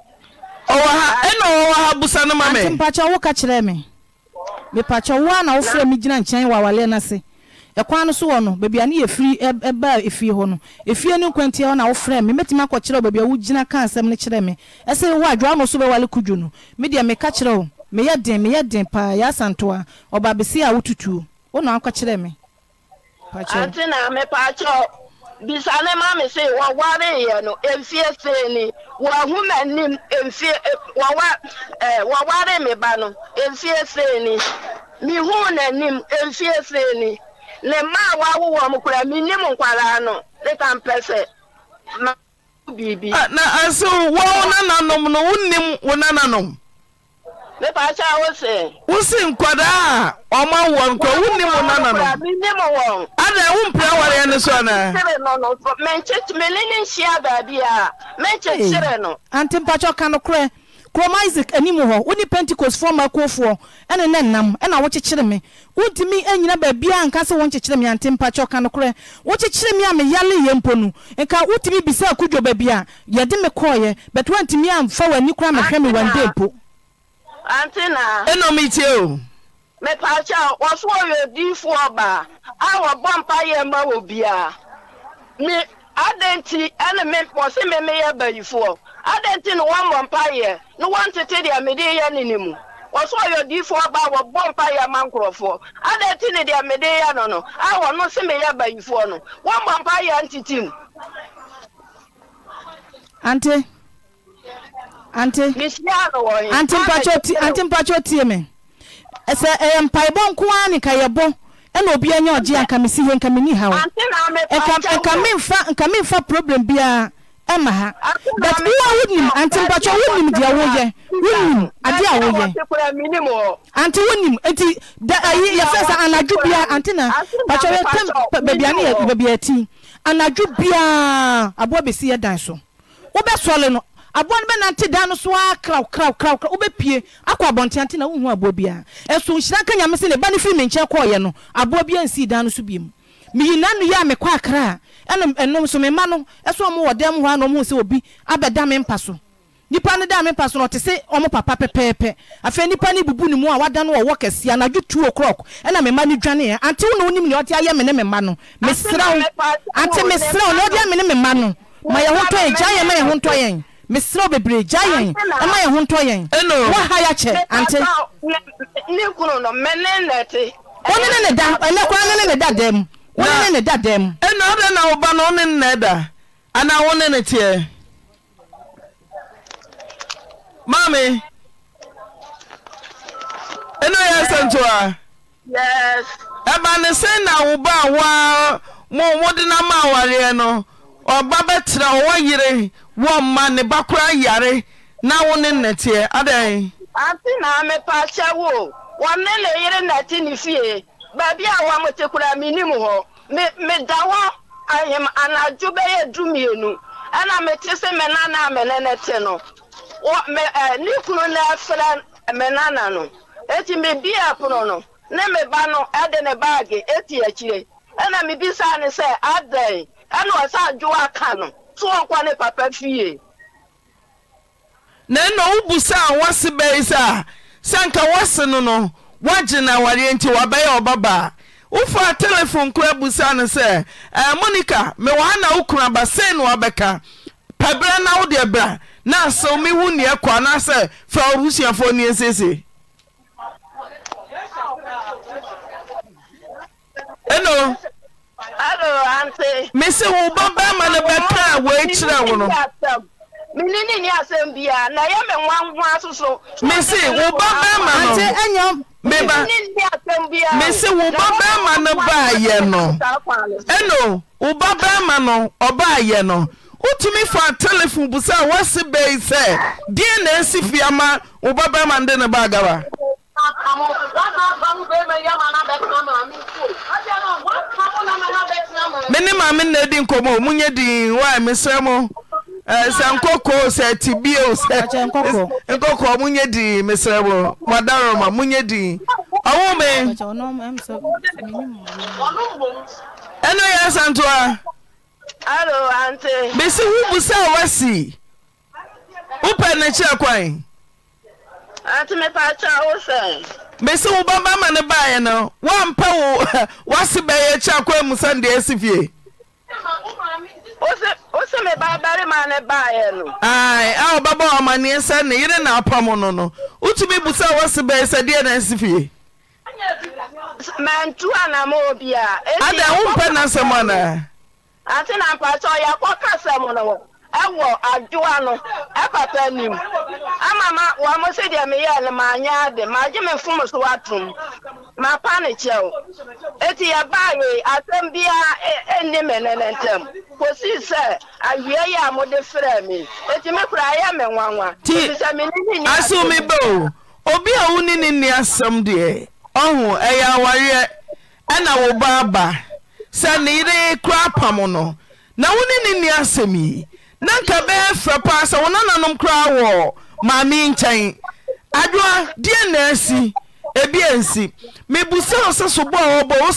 ɔwɔ ha ɛna ɔwɔ ha busa no ma me ante mpakyɛw woka kyerɛ me mepakyɛ wo a na wofrɛ me gyina nkyɛn wɔ awaleɛ no ase ɛkwan no so wɔ no baabi a ne yɛ firi ɛba efie hɔ no efie ne nkwantia hɔ na wofrɛ me mɛtumi akɔkyerɛ wo baabi a wogyina ka nsɛm no kyerɛ me ɛsɛ wo adwoa no so bɛwale kudwo no medeɛ meka kyerɛ wo meyɛ den meyɛ den paa yɛ asantoa ɔbaabesi a wotutuo wo na akɔkyerɛ me pakyɛ bisane maame se wɔware yɛ no mfie see ni wɔahu m'anim mfie e, wɔwa ɛɛ wɔware me ba no mfie see ni mihu n'anim mfie see ni ne mmaa wawo wɔn kura minim nkwaraa no ne ka mpɛ sɛ ma biribi. Ah, na ase ah, wɔn nananom no wonnim wɔn nananom. nípa aṣáwó sè. wọ́n Wusi nkwadaa a ọmọ wọn kura wọ́n ní mu nananom. wọ́n kura minim wọn. ɛna ɛwo mpira wareɛ no so anaa ante kurom isaac anim hɔ wone ɛne ne ɛna wokyekyere me wontumi anyina nka sɛ wonkyekyere me ante mpakyɛ no korɛ wokyekyere me a meyale yɛ mpo no nka wotumi bisa akodwo baabi a yɛde me kɔɔyɛ but woantumi amfa w'ani koraa mehwɛ me wande mpo o mepakyɛ a wɔsoɔ yɛ odiifoɔ baa a wɔbɔ mpa yɛ ma wɔ a me nti ɛne me wɔse me meyɛ bayifoɔ mpa ya ne wɔntete deɛ mede yɛ ne ne mu wɔso ɔyɛ odiifoɔ ba a ya ma yɛ ma nkurɔfoɔ dị nọ a wɔno se meyɛ bayifoɔ no wɔmmɔ mpa si ntetim ante ante ante tie me sɛyɛ mpaibɔ nko ara ne ka yɛbɔ na obia nya ɔgye a nkamesi he nkameni ha w nkamefa problem biaa ma ha bt woa woni ant mpa wonim deɛ woyɛ woni ade woyɛant wonintiɛfɛs anadwo annt anadwo biaa aboa bɛsi yɛ dan so wobɛsɔle no aboa no bɛnante da no so a kraw kraw kraw kraw wobɛpie akɔ abɔnteante na wohu aboa biara ɛso nhyira nka nyame sɛ ne ba no firi me nkyɛn kɔɔyɛ no aboa biara nsii da no so biom miyi na nu yi a mekɔ akra a ɛna ɛnum so mema no ɛso ɔmo wɔ dɛm hɔ a na ɔmo sɛ obi abɛda me mpa so nipa no da me mpa so na ɔte sɛ ɔmo papa pɛpɛɛpɛ afei nipa no bubu ne mu a wada no ɔwɔ kɛseɛ anadwo two o'clock ɛna mema no dwane ɛ ante wo na wonim nea ɔte ayɛ me ne mema no mesrɛ ante mesrɛ wo na ɔde ame ne mema no ma yɛ ho ntɔ yɛn gya yɛn ma yɛ ho ntɔ yɛn meserɛ bebree gya yɛn ɛma yɛ ho ntɔ yɛn woha yɛakyɛ ante wone ne ne da ɛnɛ koraa ne ne ne da da wone ne ne da da ɛna ɔdɛ na woba no wone ne na anaa ne teɛ maame ɛna a ɛba ne sɛn na woba a woa mo wode na ma awareɛ no ɔba bɛtera ɔwɔ yere wɔmma ne ba koraa yare na wo ne nnɛteɛ adɛn ante naa mepa kyɛ wo wɔme ne yere nnɛte ne fie baabi a wɔmote koraa menim hɔ meda hɔ ahem anadwo bɛyɛ dumienu ɛna mete se me nana a me ne ne te no ne kunu no ɛfrɛ me nana no eti mebia pono no ne me ba no ɛde ne baage eti akyire ɛna mebisa ne sɛ adɛn ɛna ɔsɛ adwowa aka no soɔnkwane papa fie na nna wobu sɛ a wose bɛyi sɛ a sɛ anka wose no no woagye na awareɛ nti wabɛyɛ ɔbabaa telifon telefone kora bu saa no sɛ monika mewɔa na wo kunu aba sei na wabɛka pɛ berɛ na wode bra na asɛw me ho nnia kɔ anaasɛ fa worusuafoɔ nnia seesee ɛno mesi wo babarima no bɛkaa woakyirɛ wo no mesi wo babarima no meba mesi wo babarima no baayɛ no eno wo babarima no ɔbaayɛ no wotumi fa telefon bu sɛ a woase bɛi na asi fiama wo babarima no de ne kamu mene maame nna di nkɔmmɔ munyɛ din wa mesrɛ mo sɛ nkɔkɔɔ sɛ tibio sɛ nkɔkɔɔ munyɛ din mesrɛ mo madaroma munyɛ din ɔwo me ɛno yɛ asantoa bɛsi wo bu sɛ wasi wopɛ ne kwan ati mepatwa wosan. bɛsi wo baba ma ne baeɛ no woampɛ wo [LAUGHS] woase bɛyɛ akyi akɔ mu sɛ ndeɛ asi fie wose me babarima ne baeɛ no ae a wobɛbɔ ɔmanneɛ sɛ ne yere na apam no no wotumi bu sɛ wose bɛyɛ sɛ deɛ na asi fie mantu anama obi a ada wompɛ n'asɛm na ate na mpatwa ɔyɛ akɔ kasɛm no ɛwɔ adwowa no ɛpapa anim ama ma wɔn mo si deɛ meyɛ no ma anyɛ ade ma agye me fom so watom ma pa ne kyɛw eti yɛbaa wei asɛm biara ɛnni e, e me ne ne ntɛm kosi sɛ awie yi a mode frɛ me eti me kura ayɛ me nwanwa efisɛ me ne o obi a wo ne ne ne asɛm deɛ ɔho ɛyɛ awareɛ ɛna wo ba aba sɛ ne yere kura apam no na wo ne ne ne asɛm yi. na nka bɛyɛ frɛ paa sɛ wo nananom koraa wɔ maame nkyɛn adoa deɛ na asi ebi ansi mebu sɛ wo sɛ sobɔ a wɔbɔ wo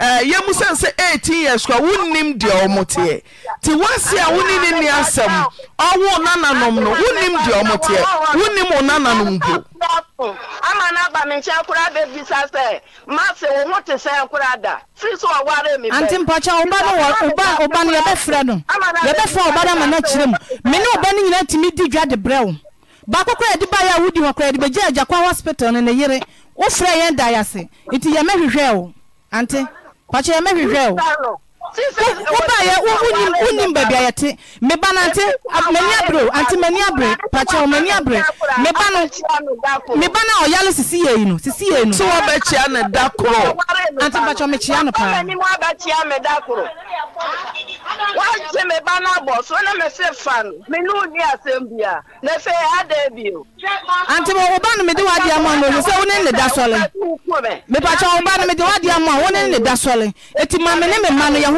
Eh, yɛmu sɛne sɛ 8 years koa wonnim deɛ ɔ mo teɛ ti wasi a wo ni asɛm ɔwo nananom no wonnim deɛ ɔmo teɛ wonnim wo nananom bo ama na aba menkyɛ koraa bɛbisa sɛ mase wo ho te sɛn koraa da firi sɛ ɔware me anti mpakyɛ woba no yɛbɛfrɛ no yɛbɛfrɛ ɔba no ama no kyerɛ mu me ne ɔba no nyinaa tumi di dwa de brɛ baako koraa yɛde baeɛ a wodi hɔ koraa yɛde bɛgya agyakwa hospital ne yere yɛn da ante 把钱买回去 wonim baabi a yɛte meba m'ani m'ani m'ani meba na meba a sisi yɛ yi no sisi yɛ yi no. sɛ wɔbɛkyia ne da korɔ. ante pakyɛ mekyia no paa. wɔbɛni mu abɛkyia me da korɔ. wɔagye me ba so na me se fa no me ada ba ama sɛ da sɔle. ba ama wo ne da sɔle eti ne me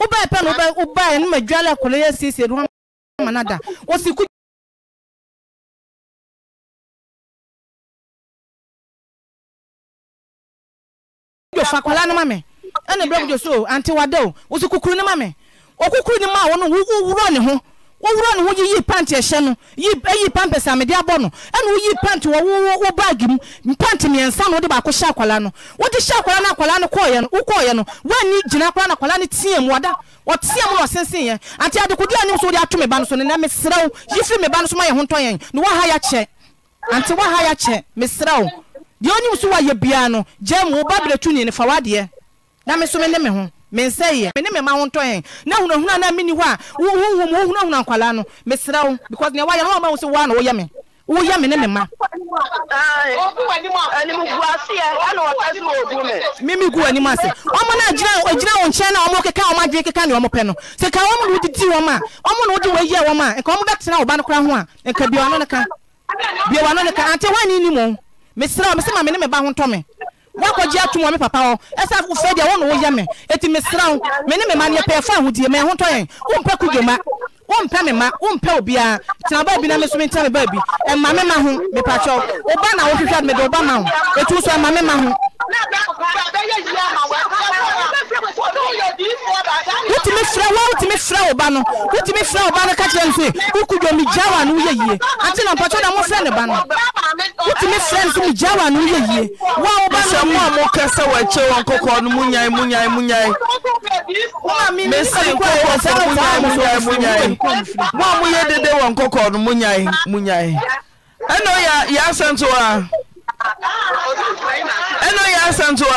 wobɛɛ pɛ no wobaɛ no ma dwale akɔlɛyɛ siesie no ama no da wɔsi ku fa kwala no ma me ɛne brɛ wodwo so ante wada o wɔsi kukuru no ma me ɔkukuru no ma a wɔno wowurɔ ne ho wowura no woyiyi pant ɛhyɛ no yi pampers a mede abɔ no ɛna woyi pant wɔ wo wo baage mu pant mmiɛnsa na wode baako hyɛ akwala no wode hyɛ akwala no akwala no kɔɔyɛ no wokɔɔyɛ no woani gyina akwala no akwala no teɛ mu ada ɔteɛ mu na ɔsensen yɛ ante adekodi a nim so wode ato me ba no so ne na meserɛ wo yi firi me no so ma yɛ ho ntɔ yɛn na woaha yɛakyɛ ante woaha yɛakyɛ meserɛ wo deɛ onim so wayɛ biara no gya mu wo ba tu ne fa wadeɛ na me so me ne me ho mesɛ yɛ mene mema wo ntɔ yɛn na hunahuna na meni hɔ a wohum wohunahuna nkwalaa no mesrɛ wo because nea woayɛ na wama wo sɛ woa na woyɛ me woyɛ me ne me ma meme gu anim ase ɔmo no agyina agyina wo nkyɛn no a ɔmo keka ɔmo adwene keka ne ɔmo pɛ no sɛ ka ɔmo ne wode ti wɔm a ɔmo ne wode wɔyɛ wɔm a nka ɔmo bɛtena wo ba no kora ho a nka biawano ne ka biawano ne ka ante woane nim o mesrɛ wo mesɛ ma me ne me ba ho ntɔ me wakɔgye atom wɔ me papa hɔ ɛsɛ wofɛ deɛ wo na woyɛ me ɛti mesra wo me ne me ma neɛ pɛɛfa ahodie ma ɛho tɔ yɛn wompɛ kudwoma wompɛ me ma wompɛ obiara tena baabi na me so mentena me baabi ɛma me ma ho mepakyɛw woba na wohwehwɛ mede woba ma ho ɛtu so ɛma me ma ho wotumi frɛ wo wotumi frɛ wo ba no wotumi frɛ wo ba no ka kyerɛ no sɛ wokudwa megya wo a no woyɛ yie ante na mpakyɛw na mofrɛ ne ba no wotumi frɛ no so megya wo a no woyɛ yie wo a woba no mu a mokɛ sɛ wɔakyɛ wɔn kɔkɔɔ no munyae munyae munyae mesɛ nkɔkɔ sɛ munyae munyae munyae mo moyɛ dede wɔ nkɔkɔ no monyae monyae ɛnɛ yɛ asɛnto a ɛnɛ yɛ asɛnto a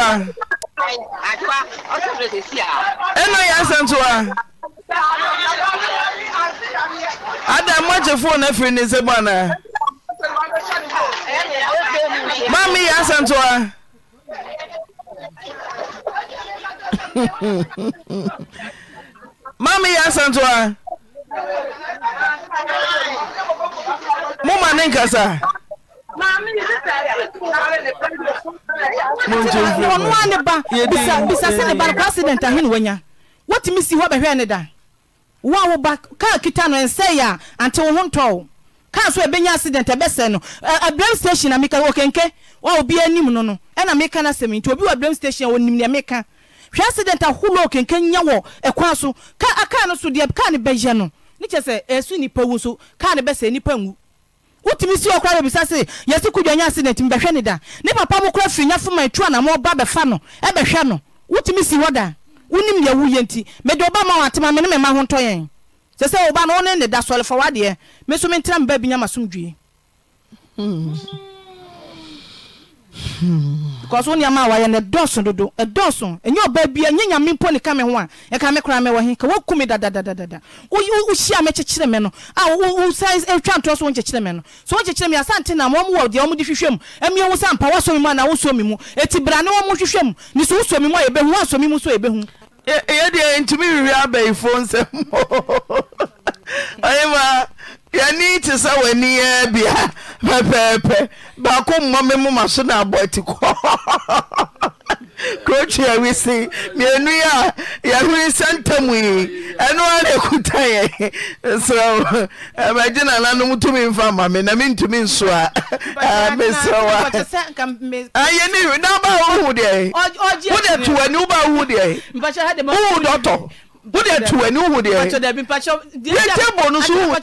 ɛnɛ yɛ asɛnto a ada moagye fo no afiri ne nsɛm anaa ma meyɛ asɛnto a [LAUGHS] ma moma ne nkasa ɔnoa ne ba bisa sɛ ne ba no kɔ accident ahe wanya wotumi si hɔ bɛhwɛ ne da wo a woba kaa kita no ɛnsɛe a ante wo ho ntɔw kaa so ɛbɛnya accident ɛbɛsɛ no abram station na meka ɔkenke wa obi anim no no ɛna meka no asɛm nti obi wɔ abram station a wɔnim deɛ meka hwɛ accident ahoroɔ ɔkenke nya wɔ ɛkwan so kaa no so deɛ kaa ne bɛyɛ no ne kyɛ sɛ ɛsu nipa wu so kaa ne bɛsɛ nipa nwu wotumi si ɔkora bɛbisa se yɛsi kudwa nya ase na bɛhwɛ ne da ne papa mo kora firi nyafo ma etu anamɔ ba bɛfa no ɛbɛhwɛ no wotumi si hɔ da wonim yɛ wu yɛ nti mɛde ɔba ma watema me ne me ma ho ntɔ yɛn sɛ sɛ ɔba no wɔn ne da sɔre fɔ wadeɛ me so me ntena me ba bi nya ma som due. Hmm because wo nneɛma a wayɛ no ɛdɔɔso dodo ɛdɔɔso ɛnyɛ ɔbaa bia ɛnyɛ nyame mpo ne ka me ho a ɛka me koraa mɛwɔ he ka woku me dadadadada wohyia me kyekyere me no a wosae ɛtwa ntoɔ so wonkyekyere me no so wonkyekyere me asante na wɔm wɔ deɛ ɔmde hwehwɛ mu ɛmiɛ wo sɛ ampa woasɔ me mu anaa wosɔ me mu ɛti bra ne wɔm hwehwɛ mu ne so wosɔ me mu eh, eh, eh, a yɛbɛhu woasɔ me mu so yɛbɛhu yɛdeɛ ntumi hwehwɛ abayifo nsɛm ɔyɛ ma yɛni te sɛ w'ani aa bia pɛpɛɛpɛ baako mmɔ me moma so na abɔ ati kɔ [LAUGHS] kurotwi awisi mmienu yi a yɛhwere sɛntamu yi ɛno a na ɛkuta yɛ nserɛ magye nananom tumi mfa ma me na mentumi nso a mesrɛ wayɛne na ba wohu deɛ wode to w'ani woba wohu deɛ wohu dɔtɔ wo deɛ tu ani wo deɛ hwɛ table no so wo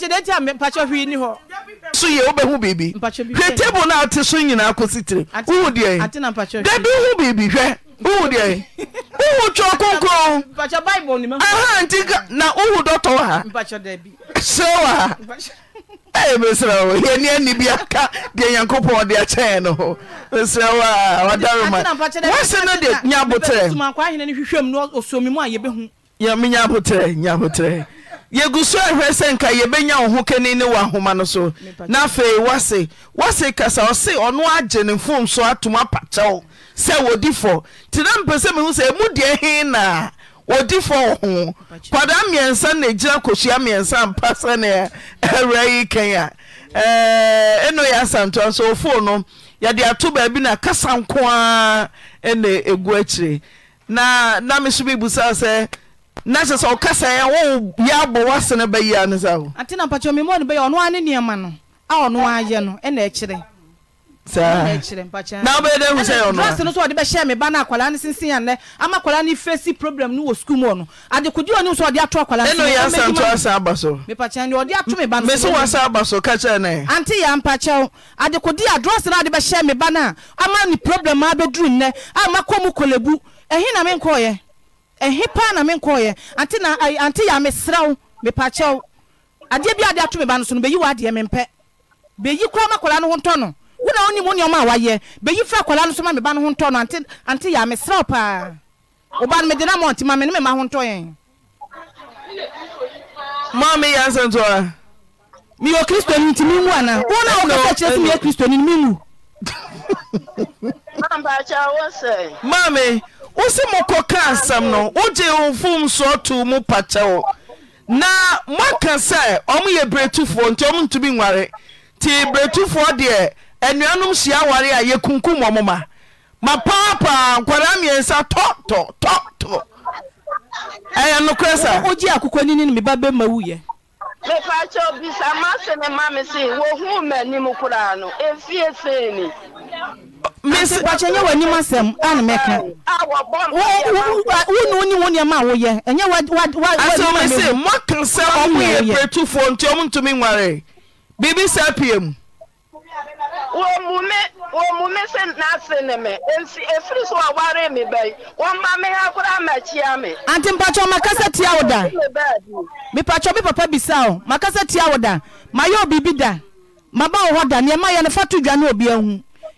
so yɛ wobɛhu biribi hwɛ table no a wote so nyinaa kɔsi tire wohu deɛ dabi wohu biribi hwɛ wohu deɛ wohu twɛ konkron aha nti ka na wohu dɔtɔ wɔ ha serɛ wɔ ha ɛyɛ mesrɛ wo yɛne ani bi aka deɛ nyankopɔn ah, de akyɛɛ no ho mesrɛ wo a wadaroma wase no deɛ nya aboterɛ nya nyabotrɛ yɛgu so ahwerɛ sɛ nka yɛbɛnya wo ho kani ne wɔ ahoma no so na afei wose wose kasa ɔse ɔno agye ne fom so atom apakyɛw sɛ wɔdi fɔ nti na mpɛ sɛ mehu sɛ ɛmu deɛ he naa wɔdi fɔ wɔ ho kwada mmiɛnsa na ɛgyina kɔhyia mmiɛnsa mpa sɛnea awura yi kan a ɛno yɛ asantoa so ɔfo no yɛde ato baabi na kasa nko a ɛne ɛgu akyire na na me so bibusaa sɛ nasɛ sɛ ɔkasaɛyɛ abɔ a asena baya ne saontnaa nne nama no aɔno ayɛ no nɛ kyerɛkyerɛ ɛyɛ ɛ s pbem ntyɛ mpakyɛ adkodiadsenodeɛyɛ meano mane problemd nɛa enamɛ ɛhe paa na menkɔɔyɛ ante eh, yɛ amesrɛ wo mepakyɛ wo adeɛ bi ade ato me ba no so no bɛyi w'adeɛ mempɛ bɛyi kora ma kɔla no ho ntɔ no wo na wonim wo nneɔma a wayɛ bɛyi fra kɔla no so ma meba no ho ntɔ no ante yɛ amesrɛ wo paa woba no mede na mɔnte ma me ne ma ho ntɔ yɛn maa meyɛ nsɛ nto a meyɛ kristoni nti mewu ana wo na wokasa kyerɛ sɛ meyɛ kristoni no mewu maame wo sɛ mɔkɔka asɛm no wogye wofom soɔ too mu pakyɛwo na moaka sɛ ɔmoyɛ berɛtufoɔ nti ɔmo ntumi nware nti berɛtufoɔ deɛ anuanom hyia aware a yɛkunkum ɔ mo ma ma paapaa nkwara mmiɛnsa tɔtɔtɔtɔ ɛyɛ nokorɛ sa wogye akokɔ nini no meba bɛma wuyɛ mepa kyɛ obisa mase ne ma me se wohuu m'anim koraa no ɛfie sei ni miss bɔkyɛ nyɛ onye asɛm ana mɛka meka wo ne wo nneɛma a woyɛ ɛnyɛ asɛm se moaka sɛ ɔmo yɛ prɛtufoɔ nti ɔmo ntumi nware biribi saa pie mu wɔmu me se n'ase ne me nsi efiri so aware me bɛyi wɔma me ha koraa ma kyia me. ante mpatsɔ makasa tia o da mi papa bisa o tia da ma da ma ba ne obi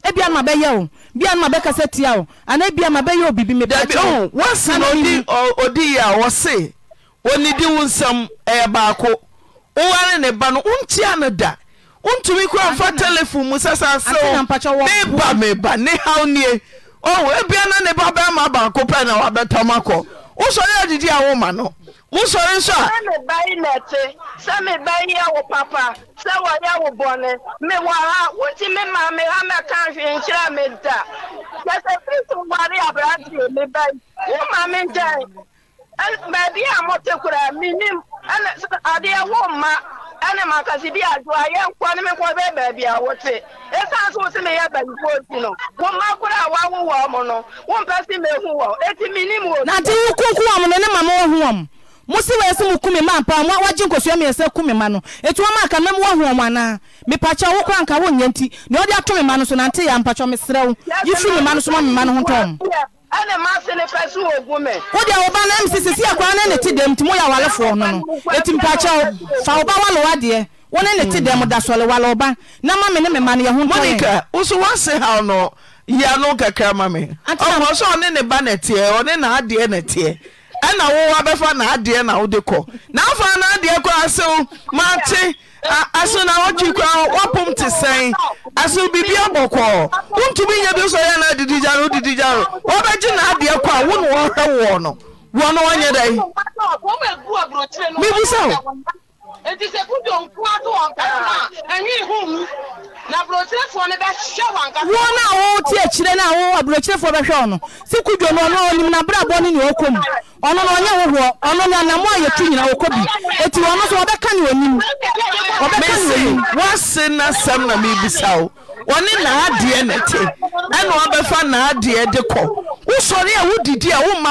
ebia ma bɛyɛ o bia no ma bɛkasɛ tia o anaa bia ma bɛyɛ obibi mepɛwose oh, na odi yɛ a wɔse onidi wo ɛyɛ baako woware ne ba no wontia no da wontumi kora mfa telefon mu sɛ sa sɛmeba meba ne haw nie oh, na ne ba bɛma baako pɛ na no wosɔre eh? nso oh, a. sani bayi nɛte sani bayi papa sɛ wɔyɛ wo bɔnɛ mi wɔ ha wuti mi maa mi ha mɛ kan fi nkyɛn mi da yɛsɛ kristu wari aberante mi bayi wo mi a mo kura mi adeɛ wo ma bi a esan so si mi yɛ ko si no ma kura wɔ ehu wɔ eti mi na n musi wɔ esi mu kumi ma mpa mu wagye nkosua mmiɛnsa kumi ma no etu wɔn aka mɛmu wɔn wɔn anaa mipakyɛ wo kora nka wɔn nyɛ nti na ɔde ato mi ma no so nante yɛ mpakyɛ mi serew yi fi mi ma no so ma mi ma no ho tɔn. ɛna maa se ne fɛ so wɔ mɛ. o de ɔba na mc sisi akora ne ne ti dɛm ti mu yɛ awalefoɔ no no eti mipakyɛ fa ɔba wale wadeɛ wɔn ne ne ti dɛm da sɔle wale ɔba na ma mi ne mi ma no yɛ ho tɔn. monica nso wɔn ha no yɛ ano kakra ɛna wowa bɛfa naadeɛ na wode kɔ na afa naadeɛ kɔ asew maate aso na wotwi kora woapom te sɛn asew biribia bɔkɔɔ wontumi nya bi sɔ yɛ na adidi gya no wodidi gya no wɔbɛgye naadeɛ kɔ a wo ne wɔhwɛ woɔ no wɔno wanyɛ dɛn mebu sɛ wo nti sɛ kudo nkoa to wɔn mpɛrɛma a ɛnwe ihu mu na wɔn na wɔn aburokyerefoɔ bɛhwɛ wɔn sɛ kudo no ɔno onim n'abrabɔ ne nea ɔkɔ mu ɔno na ɔnyɛ ɔno na nyina bi eti wɔn nso n'adeɛ ɛna n'adeɛ de kɔ wosɔre a wodidi a woma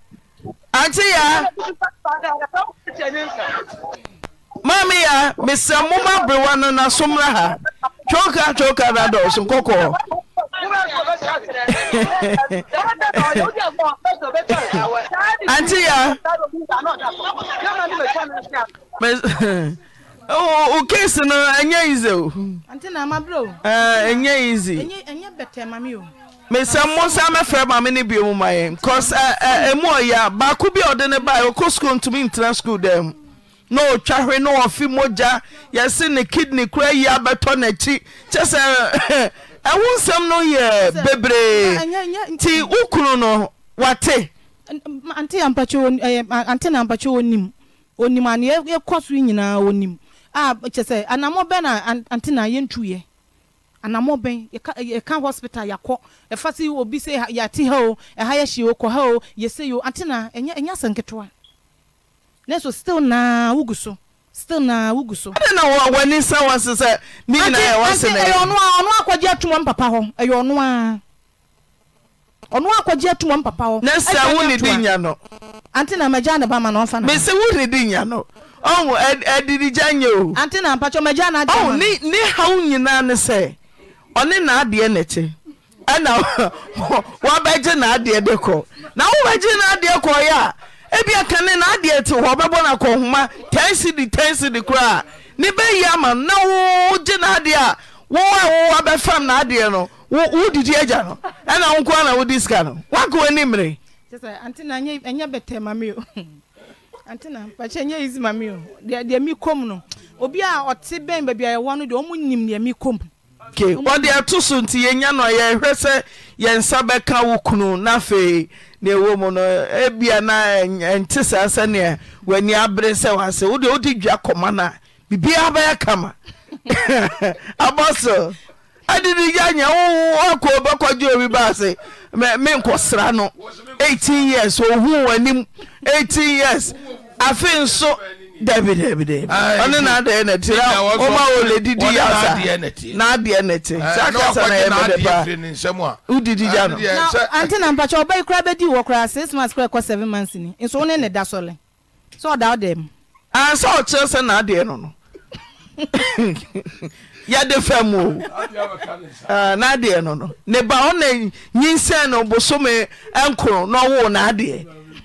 ante ya mami ya uh, mr muma brewa na somra ha choka choka na dos nkoko ante ya o case no o oh. na mabro eh uh, enye enye enye mesɛ mo nsa mɛfrɛ ma me ne biomu ma yɛn cause ɛmu ɔyɛ a uh, [LAUGHS] baako eh? um, eh, ah, bi eh, a ɔde ne baa ɔkɔ sukuu ntumi ntena sukuu dɛm na ɔtwa hwe na ɔfi mogya yɛse ne kidney kora yi abɛtɔ n'akyi kyɛ sɛ ɛho nsɛm no yɛ bebree nti wo kunu no wate ante na mpakye onim onim aneɛ yɛkɔ so nyinaa onim a kyɛ sɛ anammɔ bɛ na ante na yɛntuyɛ anammɔ bɛn yɛka hospital yakɔ ɛfa se obi sɛ yɛate ha o ɛha yɛhye o kɔ ha o yɛsɛ ya ante na ɛnyɛ asɛ nketewa na so still na wogu so still naa wogu so na w'ani sɛ wɔse sɛ ne nyinaa ɛwɔ se na ɛyɛ ɔno a ɔno akɔgye atom wɔ mpapa hɔ ɛyɛ ɔno a ɔno akɔgye atom mpapa hɔ na sɛ wo ne di nya no ante na magya ne ba ma na ɔmfa na mesɛ wo ne di nya no ɔho adirigya nyɛ o ante na mpatwɔ magya na agya ma no ne haw nyinaa ne sɛ ɔne na nɛkyɛ ɛna woabɛgye naadeɛ de kɔ na wobɛgye naadeɛ na a bụ ka ne naadeɛ te hɔ ɔbɛbɔ no akɔhoma tɛnsidi tɛnsidi koraa ne bɛyi ama na wogye naadeɛ a woa wowabɛfam naadeɛ no wodidi agya no ɛna wo nkoa na wodi sika no woaka w'ani mmere ɔte bɛn baabi a yɛwɔ no deɛ ɔmu nim deɛ mekɔm ɔde ato so nti yɛnya no a yɛhwɛ sɛ yɛnsa bɛka wo kunu na afei ne ɛwɔ mu no biana ntesaa sɛnea w'ani aberɛ sɛ wɔase wode wode dua kɔma no a birbiaa bɛyɛkama abosle adedi gya nyɛ wowakoo bɛkɔgyeɛ ɔ bi baase menkɔsra no 18 years ohuu w'anim 8 years afei nso ɔne naadɛ ne na woma wɔle didi yasa naadeɛ ne te na yɛmɛdɛ paa wodidi na mpakyɛ ɔbɛyi koraa bɛdi wɔ koraa six months koraa ɛkɔ seven months ni nso ne ne da sɔle sɛ ɔda wo dɛm ah, sɛ no no yɛde o ah, no no ne ba no bosome nkoro na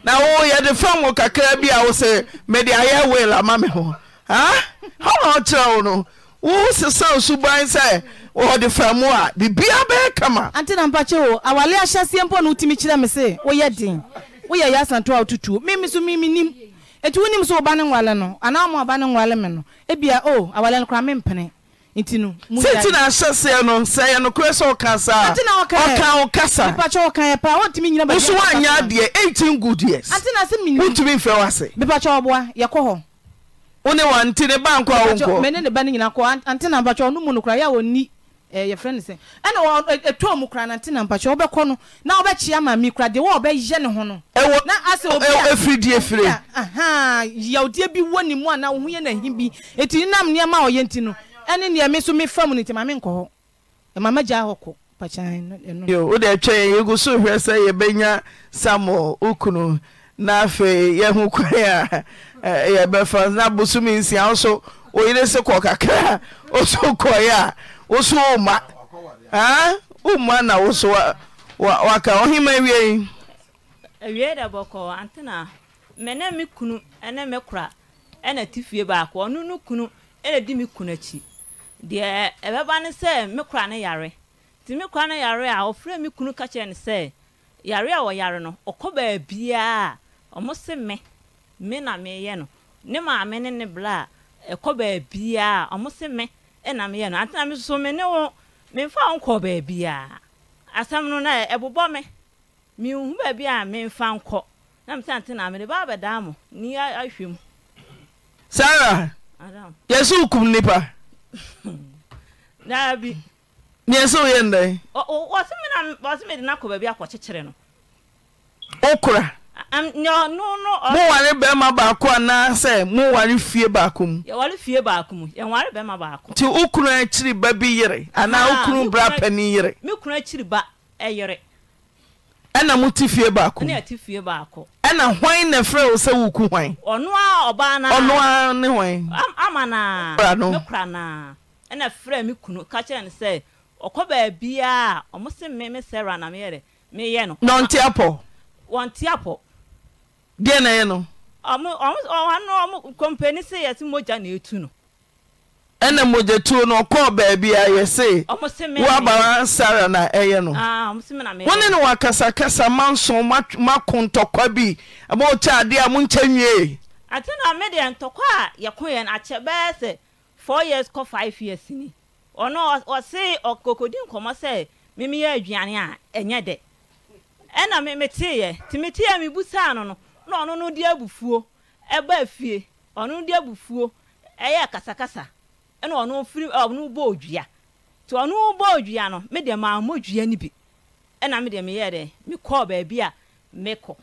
na wo yɛ de fam wo kakra bi a wo se mede ayɛ wei la ma me ho a hanekyerɛ wo no wo sesa n suban sɛ wɔɔde fam mo a biribia bɛɛkama anti nampa kyɛ ho awale ahyɛ siɛ mpo no wo timi kyerɛ me se woyɛ den woyɛ yɛ asanto a wototu meme so me menim ɛnti wonim so wo ba ne walɛ no ana oma woba ne wale me no ebia o awale no kora mempee nti no sɛnti na ahyɛ seɛ no sɛ yɛ nokorɛ sɛ ɔka saa ɔka wo kasawoso woanyɛ adeɛ 18 good years wontumi mfrɛ wo ase bepatwɛ ɔboa yɛkɔ hɔ wo ne wa nti ne ba nkɔ a wonkɔ mene ne ba no nyina kɔ ante na mpatwɛ ɔno mu no kora yɛ a ɔnni yɛfrɛ no sɛ ɛna e, ɛtɔ mu kora no ante na mpatwɛ wobɛkɔ no na wobɛkyea ma mi kora deɛ wɔ ɔbɛyɛ ne ho no na asɛ obiafiridie fire yawdeɛ bi wɔ ne mu a na wo ho yɛ no bi ɛti nam nneɛma a ɔyɛ nti no ɛne neɛ me so mefa mu no nti ma menkɔ hɔ mamagya hɔ kɔ wode atwa ɛ yɛgu so hwɛ sɛ yɛbɛnya samɔ wo kunu na afei yɛho kwan a yɛbɛfa na bosom nsia wo so oyere se kɔ kakraa woso kɔeɛ a wo so woma woma na wo so waka ɔhema wiei awiei dɛ bɔkɔɔ ante na mɛnɛ me kunu ɛnɛ me kora ɛna te fie baako ɔno no kunu ɛna di me kunu akyi deɛ ɛbɛba ne sɛ me ne yare nti me ne yare a ɔfrɛ me kunu ka kyerɛ ne sɛ yare a wɔyare no ɔkɔ baabiaa ɔmo se me me na meyɛ no ne maame ne ne bla a ɛkɔ baabiaa ɔmo se me ɛna meyɛ no antena me soso me ne wo memfa wo nkɔ baabiaa asɛm no na ɛbobɔ me mehu baabi a memfa nkɔ na mesɛ antena mede baa bɛdaa mo ni ahwɛ mu sara yɛsɛ wokum nnipa daabi neɛ sɛ woyɛ ndɛn ɔseme de no akɔ baabi akɔkyekyere no wo kora moware bɛrima baako anaa sɛ moware fie baako mu yɛware fie baako mu yɛware bɛrima baako akyiri ba bi yere anaa wo bra pɛni yere ɛna mote fie baako ɛna hwan na frɛ wo sɛ woku hwanɔnoa ne hwan ɔkɔ baabiaa ɔmose me me na meyɛ mi meyɛ no na ɔnte apɔ wɔnte apɔ na ɛyɛ no ɔmo ɔmo ɔmo kɔmpani sɛ mogya na etu no ɛna mogyatuo no ɔkɔɔ baabi a ya woabara sara na ɛyɛ no ah, wone ne wakasakasa manso moako ntɔkwa bi maɔkyɛ adeɛ a monkyɛ nwie ate na medeɛ ntɔkwa a yɛkoyɛ no akyɛ bɛɛ sɛ four years kɔ five years ni ɔno ɔse ɔkokodi nkɔmmɔ sɛ memeyɛ aduane a ɛnyɛ dɛ ɛna meteeɛ nti meteeɛ mebu saa no na ɔno no de abufuo ɛba fie ɔno no de abufuo kasakasa na ɔno firi ɔno bɔ odua nti ɔno bɔ odua no me deɛ maa mɔ dua no bi ɛna me deɛ meyɛ dɛ me kɔɔ baabi a mekɔ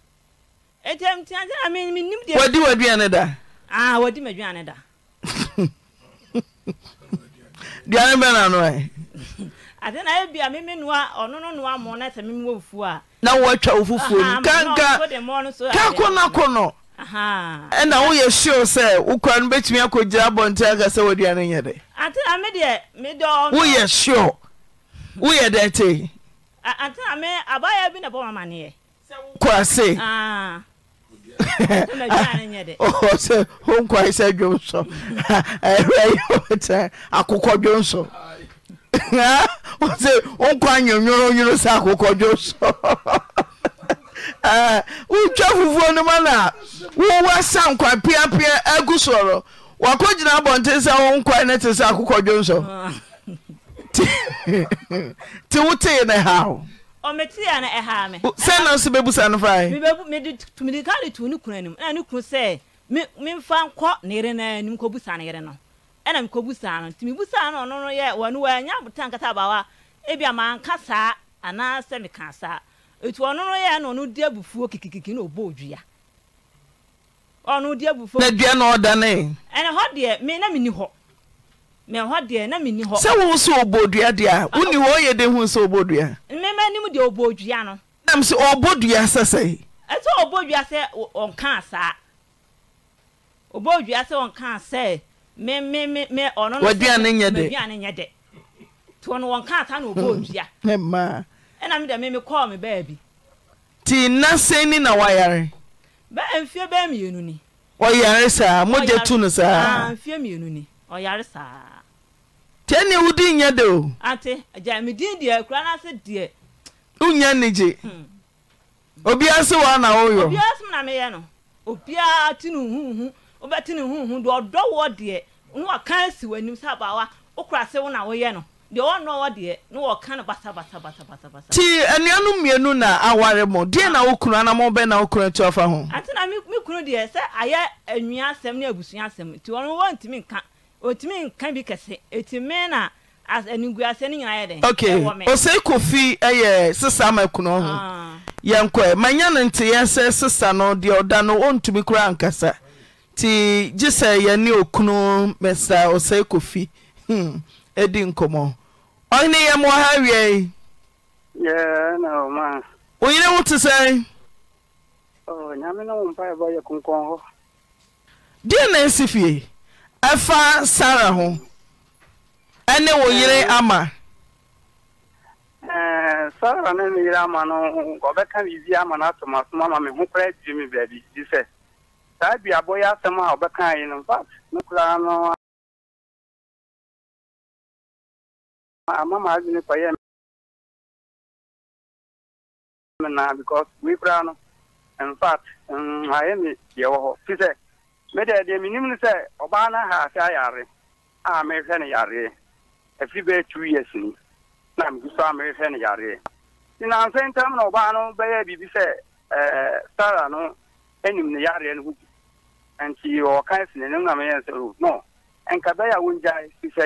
ɛtɛm ti ase na me nim deɛ. wɔdi wɔdua ne da. aa ah, wɔdi mɛ dua ne da. [LAUGHS] duane bɛ na no ɛ. [LAUGHS] ade na ebi a mimi nua ɔno no nua mɔ na sɛ mimi wɔ fufu a. na wɔtwa ofufuo ni kankan kanko na ɛna woyɛ sio sɛ wo no bɛtumi akɔgyira abɔnte aka sɛ woaduane nyɛ dɛwoyɛ sio woyɛ dɛn tee kɔase sɛ honkwae [LAUGHS] sɛ dwom so [LAUGHS] akokɔ dwom so [LAUGHS] sɛ wonkwa nwonworo nworo sɛ akokɔ dwom so wotwa fufuo no ma na wowa sa nkwa piapia agu soɔrɔ wakɔ gyina abɔnte sɛ wo nkwa ne te sɛ akokɔ dwo nsɔ nti [LAUGHS] wotee ne haw sɛ na so bɛbu sa no fae memfa nkɔ ne yere noanim kɔbu sa ne yere no ɛna no nti no ɔno no yɛ wɔno waanya botankata abawa ebia manka saa anaasɛ meka saa etu ọnụnụ ya na ọnụ ebufu ebufuo na oju ya ọnụ di na dua na ọda e, na. ɛnna hɔ deɛ na mi ni na mi ni hɔ. sɛ wɔn nso obo dua a wuni wɔn yɛ de hun nso obo dua. mmemme ọ na ɛna me deɛ meme kɔɔ me baabi nti nna sɛn ni na wayare bɛɛ mfie bɛɛ mmienu ni ɔyare saa mogya tu no saa ah, mfie mmienu ni ɔyare saa nti ɛne wodi nyɛ de o ate agya di deɛ kura no ase deɛ wonya ne gye hmm. obiara se wɔ na woyɔ obiara se na meyɛ no obi obiara ti ne huhu wobɛte ne huhu deɛ ɔdɔ wɔ deɛ ne wakan si w'anim sɛ abaawa wokora se wo na woyɛ no ti anuanom mmienu na aware mo deɛ na wo kunu anam bɛ na wo kunu atu afa ho antena me kunu deɛ sɛ ayɛ anua asɛm ne abusua asɛm nti ɔno ntumi nka ɔtumi nka bi kɛse etimi me na aniguasɛ no nyinaa yɛ dɛn ok ɔsɛe kofi ɛyɛ sesa ma kunu ho ah. yɛnkɔ manya no nte yɛn sɛ sesa no deɛ ɔda no ntumi koraa ankasa nti gye sɛ yɛne okunu mɛsa ɔsɛe kofi hmm, ɛdi nkɔmmɔ ɔhene yɛ mmoa ha awiei onyine wo te sɛn deɛ na ɛsi fie ɛfa sara ho ɛne wo yere ama sara ne ne yere ama no ɔbɛka biribi ama no atomasom ama me ho koraa adwiri me baabi gye sɛ saa duabɔ yɛ asɛm a ɔbɛka yi no mfa me koraa no ama m ya eme na because no in fact wɔ hɔ fi sɛ deɛ sɛ ɔbaa na ha ase ayare a two years ni na megu so a merehwɛ no yareɛ nti nansɛ ntam na ɔbaa no bɛyɛ biribi sɛ sara no anim ne yareɛ no ho nti ɔka si na no nkada ya wonja sisɛ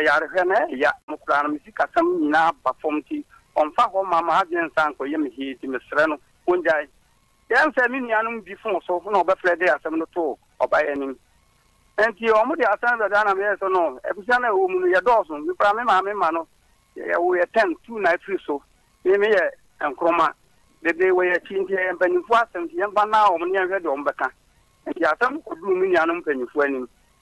ya mukurana misi ka nyinaa ba fọm ti ɔnfa hɔ san kɔ yɛ mi hii ti mi srɛ no mi bi fun so na ɔbɛfrɛ de asɛm no to ɔba yɛ nim nti ɔmo de asɛm na mi yɛ so no ebusua na ɛwɔ mu no yɛ dɔɔso nipa mi maa mi ma no yɛ ten two so mi mi yɛ nkroma nti asɛm ti yɛn ɔmo yɛn hwɛ de ɔmo bɛka nti asɛm mi anim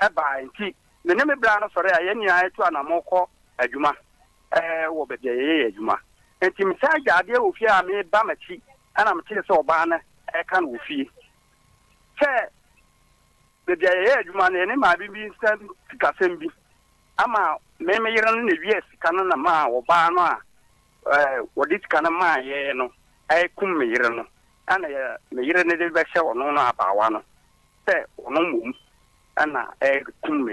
ɛbaa nti me ne me bra no sɔre a yɛn nyinaa ɛtu anamɔ kɔ adwuma ɛɛ wɔ baabi a yɛyɛ adwuma nti mesan gya adeɛ wɔ fie a meba m'akyi ɛna metee sɛ ɔbaa no ɛka no wɔ fie sɛ baabi a yɛyɛ adwuma no yɛne maa bi bi nsa sikasɛm bi ama mmɛmɛ no na ewia sika no na maa ɔbaa no a ɛɛ wɔde sika no maa yɛɛ no ɛɛkum me no ɛna yɛ me yere no de bɛhyɛ ɔno no abawa no sɛ ɔno mmom ɛna ɛkum me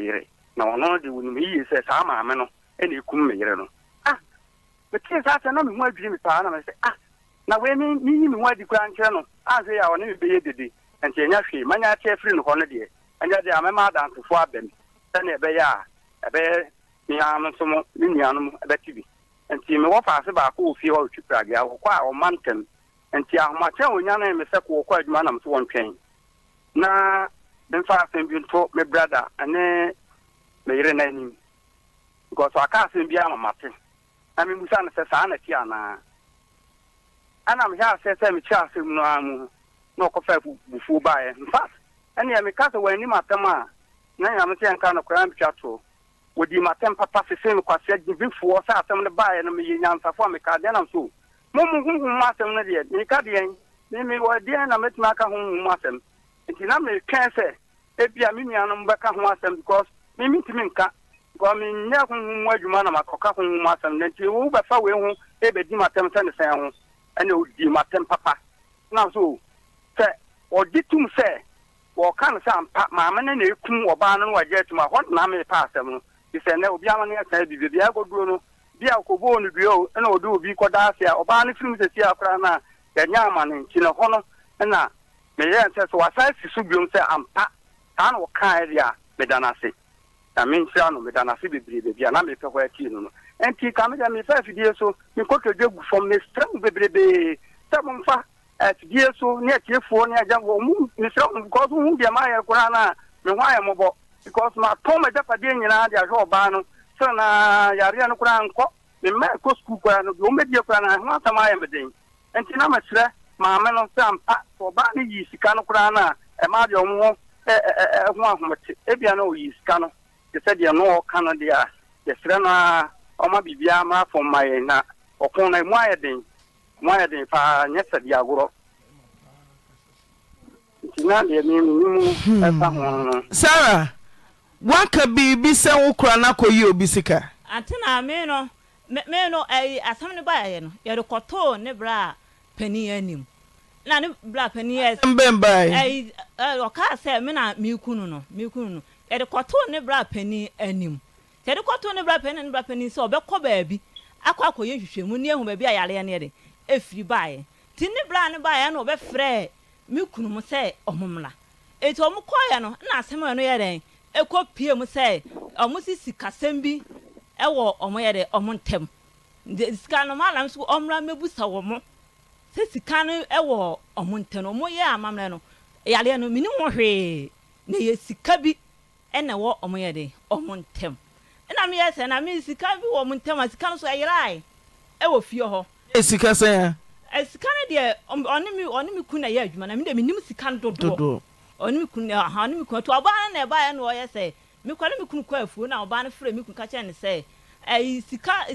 na ɔno de wonim yiye sɛ saa maame no ɛna ɛkum me no ah metee saa sɛ na adwiri me paa na mesɛ ah na wei menyi me ho adi koraa nkyerɛ no anhwɛ yɛ a ɔne mebɛyɛ dede nti ɛnya hwee manya kyɛ firi no hɔ no deɛ ɛnyɛ deɛ a adansefoɔ aba me sɛne ɛbɛyɛ a ɛbɛyɛ me ano me nuanom ɛbɛte bi nti mewɔ faase baako hɔ retwi wɔkɔ a ɔma ɔnya no me sɛ adwuma nam memfa asɛm bi nto me brada ne me yere no anim because I can't aka asɛm bi ama mate na mebusa no sɛ And I'm here ana mehɛ asɛ sɛ mekyerɛ asɛm no coffee a mu na ɔkɔfa bufuo baeɛ infact ɛneɛ meka sɛ wɔanim atɛm a na nyame sɛ yɛnka no koraa metwa toɔ wɔdi matɛm papa sese me kwasea gyebefoɔ sɛ the no baeɛ no meyɛ nyansafo a meka deɛ nam so momu honhom asɛm no deɛ meka deɛn i wɔ deɛn na mɛtumi aka honhom asɛm nti na meka sɛ ebia me nuanom bɛka ho asɛm because nka menyɛ honhom mu adwuma na makɔka honhom asɛm no nti wo bɛfa wei ho ɛbɛdi matɛm sɛn ho ɛne ɔdi matɛm papa na so sɛ ɔgye tom sɛ wɔka no sɛ ampa maame no na ɛkum ɔbaa no no wagye atum a hɔ na mepa asɛm no ti nɛ obiama no bibi bia no no dua o ɛna ɔde obi a ɔbaa no firim sɛsi a koraa no a yɛnyɛ ama no ne hɔ no saa na wɔkaa ɛde a meda no ase na menhyira no meda no ase bebree a na mepɛ hɔ atii no no nti ka meda mefa afidie so mekɔkɛdwa gu fam mesrɛ mo bebrebee sɛ momfa afidie so ne atiefoɔ ne agyamfoɔ mu mesrɛ mo because wohu deɛ maayɛ koraa no me ho ayɛ mmɔbɔ because matɔn m'agyapadeɛ nyinaa de ahwɛ ɔbaa no sɛ na yareɛ no koraa nkɔ mema ɛkɔ sukuu koraa no deɛ ɔmmɛdie koraa no ho asɛm ayɛ meden nti na mekyerɛ maame no sɛ ampa sɛ ɔbaa no yii sika no koraa no a ɛma deɛ ɔmo ho ahomete ebia na oyi sika no te sɛ deɛ no ɔka no deɛ a yɛsrɛ no a ɔma biribiaa ma afɔ ma yɛn na ɔko no mu ayɛ den mu ayɛ den paa nyɛ sɛ deɛ agorɔ nti na deɛ memenim hmm. ɛfa ho no sara woaka biribi sɛ wo kora no akɔyi obi sika atena me no me no asɛm no baayɛ no yɛde kɔtoo ne berɛ a panin anim na ne bla pani yɛ ɛyi ɔkaa sɛ na miku no no edekotu no yɛde kɔtoo ne bla pani anim yɛde kɔtoo ne bla pani ne bla a ne yɛde efiri baayɛ ti ne bla ne baayɛ no ɔbɛfrɛ me kunu mu sɛ etu no na yɛ no yɛ dɛn ekɔ pie mu sɛ bi ɛwɔ yɛ ntɛm sika no so mebusa sɛ sika no wɔ ɔmo ntɛm no ɔmo yɛ amammerɛ no yaleɛ no menim wɔ hwee na yɛ sika bi ɛna ɛwɔ ɔmo yɛ de ɔmo ntɛm ɛna sɛ na mi sika bi wɔ ɔmo ntɛm a sika no so ɛyerae ɛwɔ fie hɔ esika sɛn a no deɛ ɔne me ɔne me kun na ɛyɛ adwuma na me deɛ menim sika no dodoɔ ɔne kun na ɔne me kun to ɔbaa no na ɛbaeɛ no ɔyɛ sɛ mekɔ ne me kun kɔ afuo na ɔbaa no frɛ me kun ka ne sɛ ɛyi sika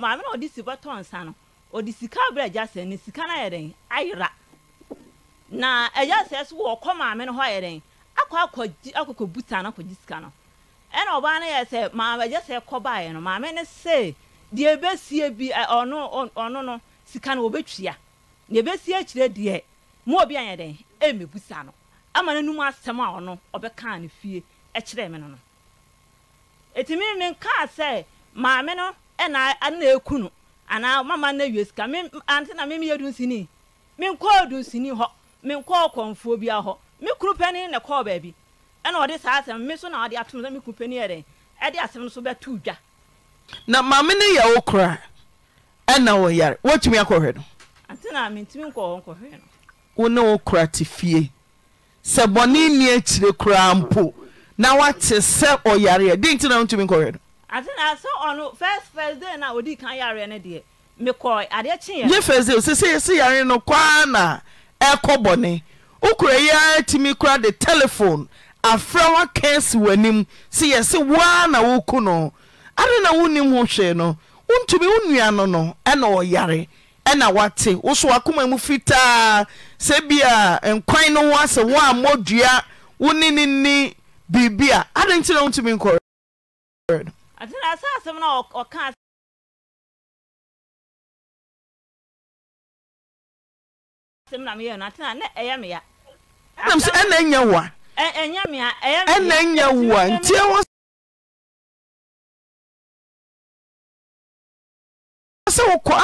maame na ɔde ɔde sika abirɛ gya sɛ ne sika no ayɛ dɛn ayera na ɛgya sɛ so wɔ kɔ maame no hɔ ayɛ dɛn akɔ akɔgye akɔkɔ buta no akɔgye sika no ɛna ɔbaa no yɛ sɛ maame ɛgya sɛ kɔ baeɛ no maame no sɛ deɛ ebesie bi ɔno ɔno no sika no wɔbɛtwia na ebesie akyire deɛ mu obi ayɛ ɛmɛ buta no ama no num asɛm a ɔno ɔbɛkaa ne fie ɛkyerɛ me no no etimi sɛ maame no ɛna ɛna eku no anaa mama na wie sika me ante na meme yɛdu nsini menkɔɔ du nsini hɔ menkɔɔ kɔnfuo bia hɔ mi kuru pani na kɔɔ baabi ɛna ɔde saa asɛm mi so na ɔde atom sɛ me kuru pani yɛdɛn ɛde asɛm no so bɛto dwa na maame ne yɛ wo kora ɛna wɔyare woatumi akɔhwɛ no ante na mentumi nkɔɔ nkɔhwɛ no wo ne wo kora te fie sɛ bɔne nni akyire koraa mpo na woate sɛ ɔyareɛ de nti na wontumi nkɔhwɛ no ati na sɛ ɔno first first day na odi kan yare ne deɛ mekɔ adeɛ kyeɛ. nye first day osisi esi yare no kwaa na ɛkɔ e bɔne okura yi ara timi kura de telephone afrawa kɛnsi wɔ anim si yɛsi waa na woku no ade na wunim ho hwɛ no ntumi wunua no no ɛna ɔyare ɛna wate woso wakoma mu fitaa sɛ bia nkwan no ho asɛ wo a mmɔdua wo ne ne ni biribi a ade nti na ati na asa asɛm na ọka asɛm na meyɛ no ati na ne ɛyɛ meya. ɛnam sɛ ɛna nya wa. ɛnya mea ɛyɛ meya. ɛna nya wa nti ɛwɔ.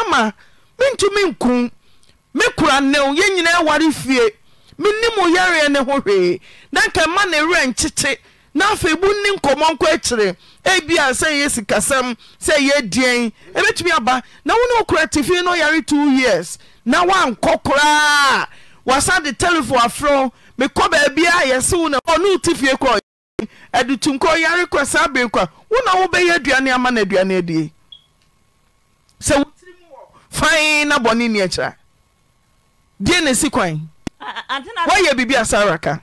ama mentumi nkum me kura yɛn nyinaa fie menim yɛreɛ ne ho hwee na nka ma ne werɛ nkyekye n'afọ igbu nni nkọmọnkọ ekyire ebia sɛ yɛ sikasɛm sɛ yɛ dien ebetumi aba na wɔn na okura tifi na ɔyare two years na wa nkọ koraa wasa de telefon afro mekɔ baabi a ụnụ ọ na ɔno tifie kɔ ɛdutunkɔ yare kɔ saa bee kɔ wɔn na wɔbɛyɛ aduane ama na aduane adie sɛ wɔn tirim wɔ fain na bɔ ne nneɛkyerɛ die na esi kwan. wɔyɛ biribi asa raka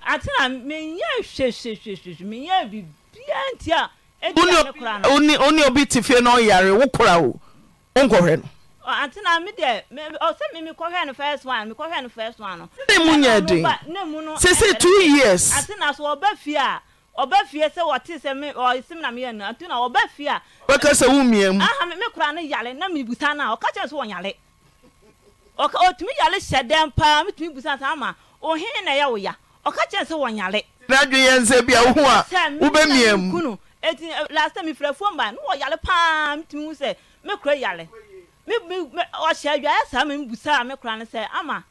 wone obi te fie na ɔyare wo kora o wonkɔhwɛ no atena me deɛ ɔsɛ me e mekɔhwɛ no first one mekɔhwɛ no first one no ne mu nyɛ den sɛsɛ e- e- two years atena so ɔba fie a ɔba fie sɛ wɔte sɛ me ɔsim na meyɛ no atena ɔba fie a wɔka sɛ wo mmia mu aha me kora no yale na mebusa no a ɔka kyerɛ so wɔnyale ɔka ɔtumi yale hyɛ dɛm paa tumi busa sa ama ɔhene na ɛyɛ wo ya ɔka kyɛn sɛ wɔnyare. n'adwe yɛn nsɛ bi a wohu a wobɛmia mu. eti eh, last time mefrɛ fom ba ne wɔyare paa mitumi hu sɛ mekura yare mi mi ɔhyɛ adwaeɛ saa mi busa a mekura no sɛ ama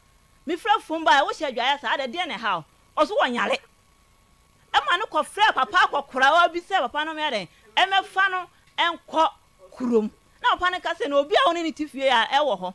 mefrɛ fom ba a wɔhyɛ adwaeɛ saa de deɛ na ɛha o ɔso wɔnyare ɛma no kɔfrɛ papa akɔkora wa bi sɛ papa no mɛrɛ ɛmɛfa no ɛnkɔ kurom na papa no kasa na obi a wɔne ne ti fie a ɛwɔ hɔ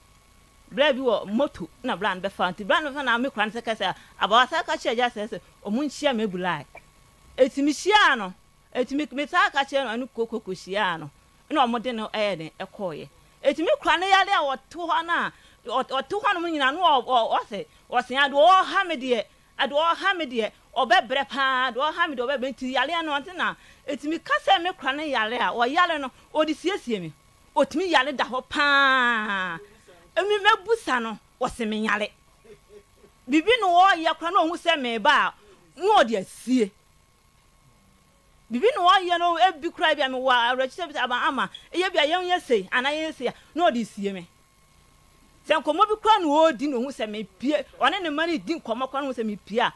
bra bi wɔ moto na bra no bɛfa nti bra no bɛfa na me kora no sɛ kɛsɛ abawa sɛ ka kyerɛ gya sɛ sɛ ɔmo nhyia ma abulae ɛtumi hyiaa no ɛtumi me saa ka kyerɛ no ɔne kokoko hyiaa no na ɔmo de no ɛyɛ den ɛkɔɔyɛ ɛtumi kora no yare a wɔto hɔ no a ɔto hɔ nom nyina no ɔsɛ ɔse ade ɔɔha me deɛ ade ɔɔha me deɛ ɔbɛbrɛ paa ade ɔɔha me deɛ ɔbɛbrɛ nti yare no ɔnte na ɛtumi ka sɛ me kora no yare a ɔyare no ɔde emi busa no wɔsi mi nyale bibi na wɔɔyɛ kora na sɛ a mu ɔde asie bibi na wɔɔyɛ no ebi kora bi a mi wɔ bi ama bi a yɛn yɛ yɛ a na ɔdi sie mi sɛ nkɔmɔ bi na ɔɔdi na ohun sɛ mɛpie ɔne ne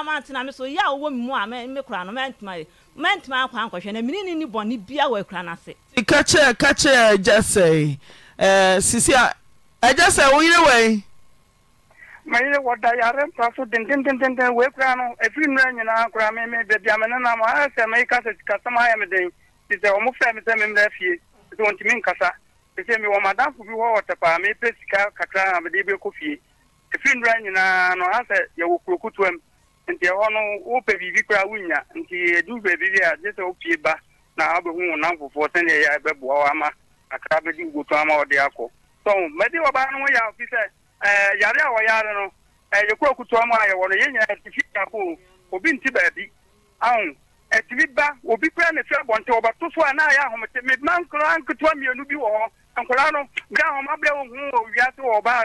na sɛ na so so ɔwɔ mi mu a mɛ mi kora no mɛ ntoma mɛntoma akɔ ankɔhwɛ na mene ne ne bɔne bia wɔ akura no ase ka kyerɛ ka kyerɛ agya sɛe sisi a agya sɛ wo yere wei mayere wɔda yare mpa so dendendendenden wei kura no ɛfiri nnura nyinaa kora meme baabi a mene nam ayɛ sɛ meyi kasa kasɛm ayɛ me den nti sɛ ɔmo frɛ me sɛ memmra fie sɛ ɔntumi nkasa ɛsɛ mewɔ madamfo bi hɔ wɔtɛ paa mepɛ sika kakra na mede bɛkɔ fie ɛfiri nnura nyinaa no ayɛ sɛ yɛwɔ kurokutoa mu nti ɛhɔ no wopɛ biribi koraa wonya nti ɛdu baabi a gye sɛ wopie ba na wabɛhu wo nam fofoɔ bɛboa ama wogoto ama akɔ so mɛde wɔbaa no ho yɛ sɛ yare a wɔyare no kutoa mu a yɛwɔ no yɛnyina ako obi ba obi ne fɛ bɔnte wɔbɛto a na ayɛ ahomete mema nkora nketewa mmienu bi wɔ hɔ nkora no bra ahomabrɛ wo wɔ wiase wɔ ɔbaa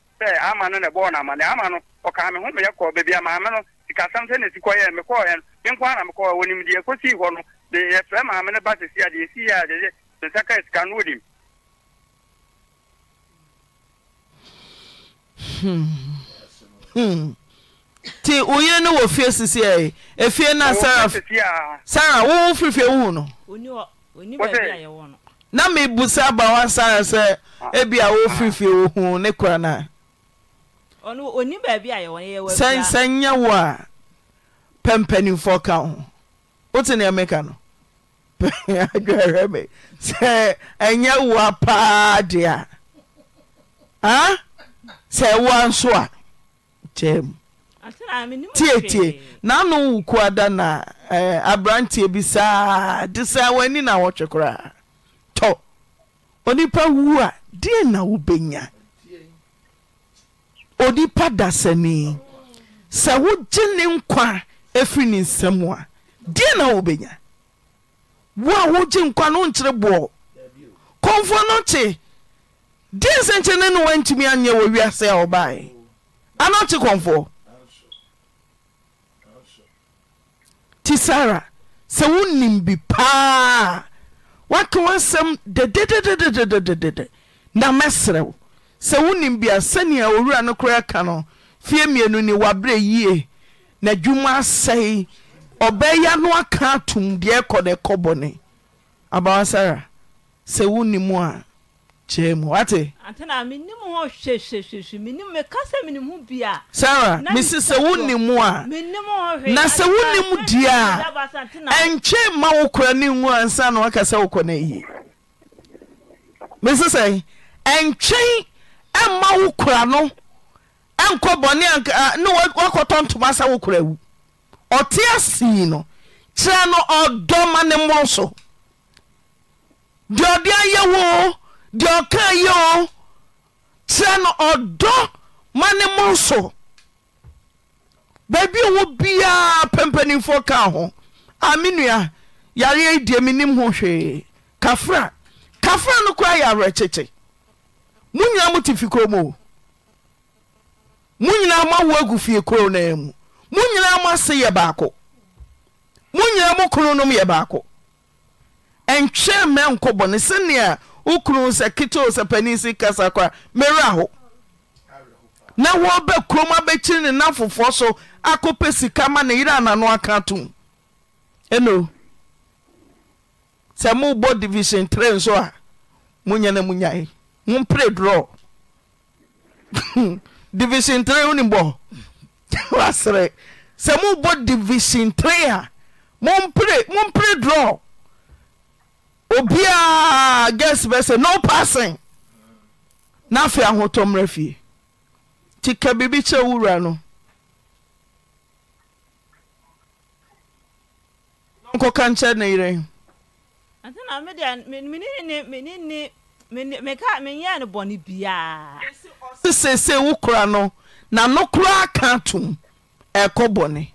sɛ ama no na ɛbɔɔ no ama ne ama no ɔkaa me ho meyɛ kɔɔ baabi ama me no sikasɛm sɛ na ɛsi kɔyɛ mekɔɔyɛ no menko ara na mekɔɔ wɔnimdeɛ kɔsii hɔ no de yɛfrɛ maame no ba sɛsi a deɛ ɛsii a deɛ ne nsa ka sika no wɔdim nti woyere no wɔ fie sisi ɛ efie na sara sara wowo firifie wohu no na mebusa aba wa sara sɛ ah. ebi a wo firifie ah. wohu ne kora no sɛn sɛn nyɛ wo a pɛ ka ho wote ka no [LAUGHS] adwarɛme sɛ ɛnyɛ woa paa de a sɛ ɛwoa nso a gyam tietie naano wo Ada na aberantiɛ bi saa de saa w'ani na wɔtwe koraa tɔ onipa wu a deɛ na onipa da sanii sɛ wogye ne nkwa afiri ne nsɛm mu a deɛ na wobɛnya wo a wogye nkwa no wonkyere boɔ kɔnfoɔ no kye deɛ nsɛnkyɛ ne no wantimi anyɛ wɔ wiase a wɔbae ana kye kɔnfoɔ ti sara sɛ wonim bi paaa woake wonsɛm dɛdɛdɛ na mɛserɛ wo sɛ wonim bi a sɛnea owura no kora ka no fie mmienu ni waberɛ yie na adwuma asɛe ɔbɛya no aka atom deɛ kɔ ne ɛkɔ bɔne abawa sara sɛ wonnimu a kyeɛ mu wate sara mesi sɛ wonnimu a na sɛ wonnim diɛ a ɛnkyɛn ma wo kora ne nwuansa no waka sɛ wo kɔ ne yie mense sɛ ɛnkyɛn ɛmma wo kora no ɛnkɔ bɔne eh, ne woakɔtɔ ntoma sɛ wo kora wu ɔte asii no kyerɛ no ɔdɔ ma ne mmoro so deɛ ɔde ayɛ woo deɛ ɔka yɛ o kyerɛ no ɔdɔ ma ne mmoro so baabi owɔ biara pɛmpanimfoɔ ka ho a me nua yareɛ ho hwee kafra kafra no koraa yɛ awerɛkyekye monyina mote fi krom mo nyinaa moawo agu fie kro nmu mo nyinaa moase yɛ baako mo yina mo knom yɛ baako ntweɛ mankɔbɔne senea wo k sɛ keto sɛ panisikasakɔ a mɛrɛ hɔ na hɔ bɛ kurom abɛkyiri ne na fofoɔ so akɔ pɛ sika ma ne yerɛanano aka to no sɛ mobɔ divison ts aoynm mompere drɔ [LAUGHS] divisontre o nibɔse [LAUGHS] sɛ mobɔ divisontere a oee mompere drɔ obia gues bɛsɛ nopasen na afei ahotɔmmera fie ntika biibi kyeɛ wowura noɔakyɛye menyɛɛ wo kora no na no koraa ka tom ɛkɔ bɔne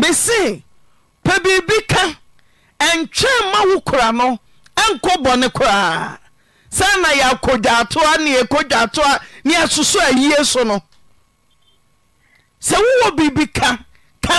mese pɛ biribi ka ɛntwɛn ma wo kora no ɛnkɔ bɔne koraa na yɛakɔgyaatoa ne yɛkɔgyaatoa ne yɛsoso ayie so no sɛ wowɔ biribi ka ka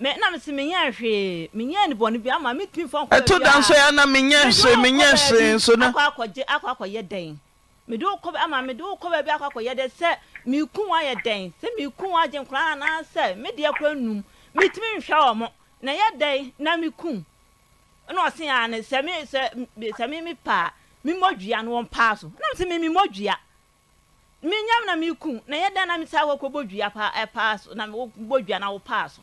mɛ na mesi menyɛ hwee menyɛ ne bɔne bi ama metumi fa ɛto da nso yɛ na menyɛ hwee menyɛ hwee nso no akɔ akɔyɛ dɛn mede wokɔ ama mede wokɔ baabi akɔ akɔyɛ dɛ sɛ meku num na na na ɔse ne me me no wɔn so na me menyam na ku na na eh, na paa so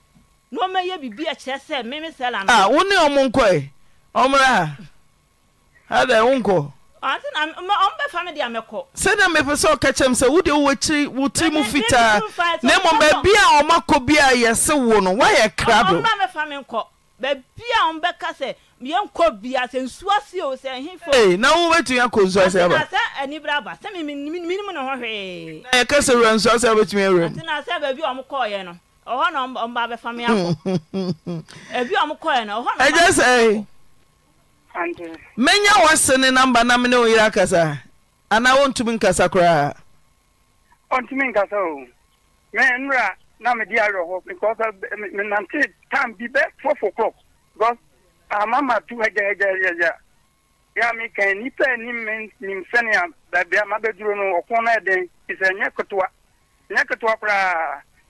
kɛɛ wone ɔmo nkɔe ɔmra ada wo nkɔ sɛdɛ mepɛ sɛ ɔka kyɛ me sɛ wode wokyii wo tiri mu fitaana mmom baabi a ɔmakɔ bia a yɛ se wo no woayɛ kra do na wobɛtumi akɔ nsuase bayɛka sɛ wera nsua se a wobɛtumi aweɛmu ɔhɔ na ɔmo ba bɛfa mi akɔ [LAUGHS] ebi ɔmo kɔɛ na ɔhɔ na ɔmo ba mi akɔ. menya wɔsi ne namba na mene oyiri akasa anaa wɔntumi nkasa koraa. ɔntumi nkasa o mɛ nwura na mɛ di ayɔ hɔ because mɛ nante time bi bɛ four four clock because amama tu ɛgyɛgyɛgyɛgyɛ ya mi kɛn nipa anim mi ni sɛnea baabi a ma bɛ duro no ɔkɔn na ɛdɛn kisɛ nyɛ ketewa nyɛ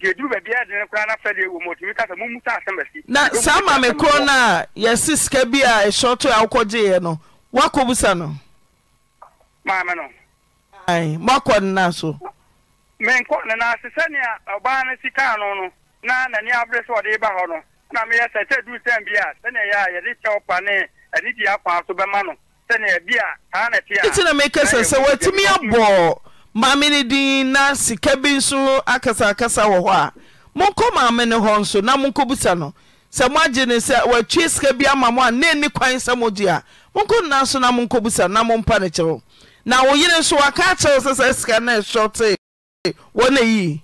deɛduru baabi adene koraa na fɛdeɛ wɔ ka sɛ momuta asɛm asi na saa maame koro korɔ no a yɛse sika bi a a wokɔgyeeɛ no woakɔ busa no maame no na so menkɔ ne na ase sɛnea ɔbaa no sika no no na n'ani abere sɛ ɔde ba hɔ no na meyɛ sɛ sɛ duru sɛn bi a sɛnea yɛ a yɛde kyɛw pa ne anidi so bɛma no sɛnea bi a saa na ɛte a nti na sɛ sɛ watumi abɔɔ maame maamene din na sika bi nso akasakasa wɔ hɔ a monkɔ maamene hɔ nso na monkɔbusa no sɛ moagye ne sɛ watwe sika bi ama mo a na ɛni kwan sɛ mogye a monkɔ nna so na monkɔbusa na mompa no kyerɛw na wo yere nso waka akyerɛw sɛ sɛ sika no ɛsɔ te wɔn ayi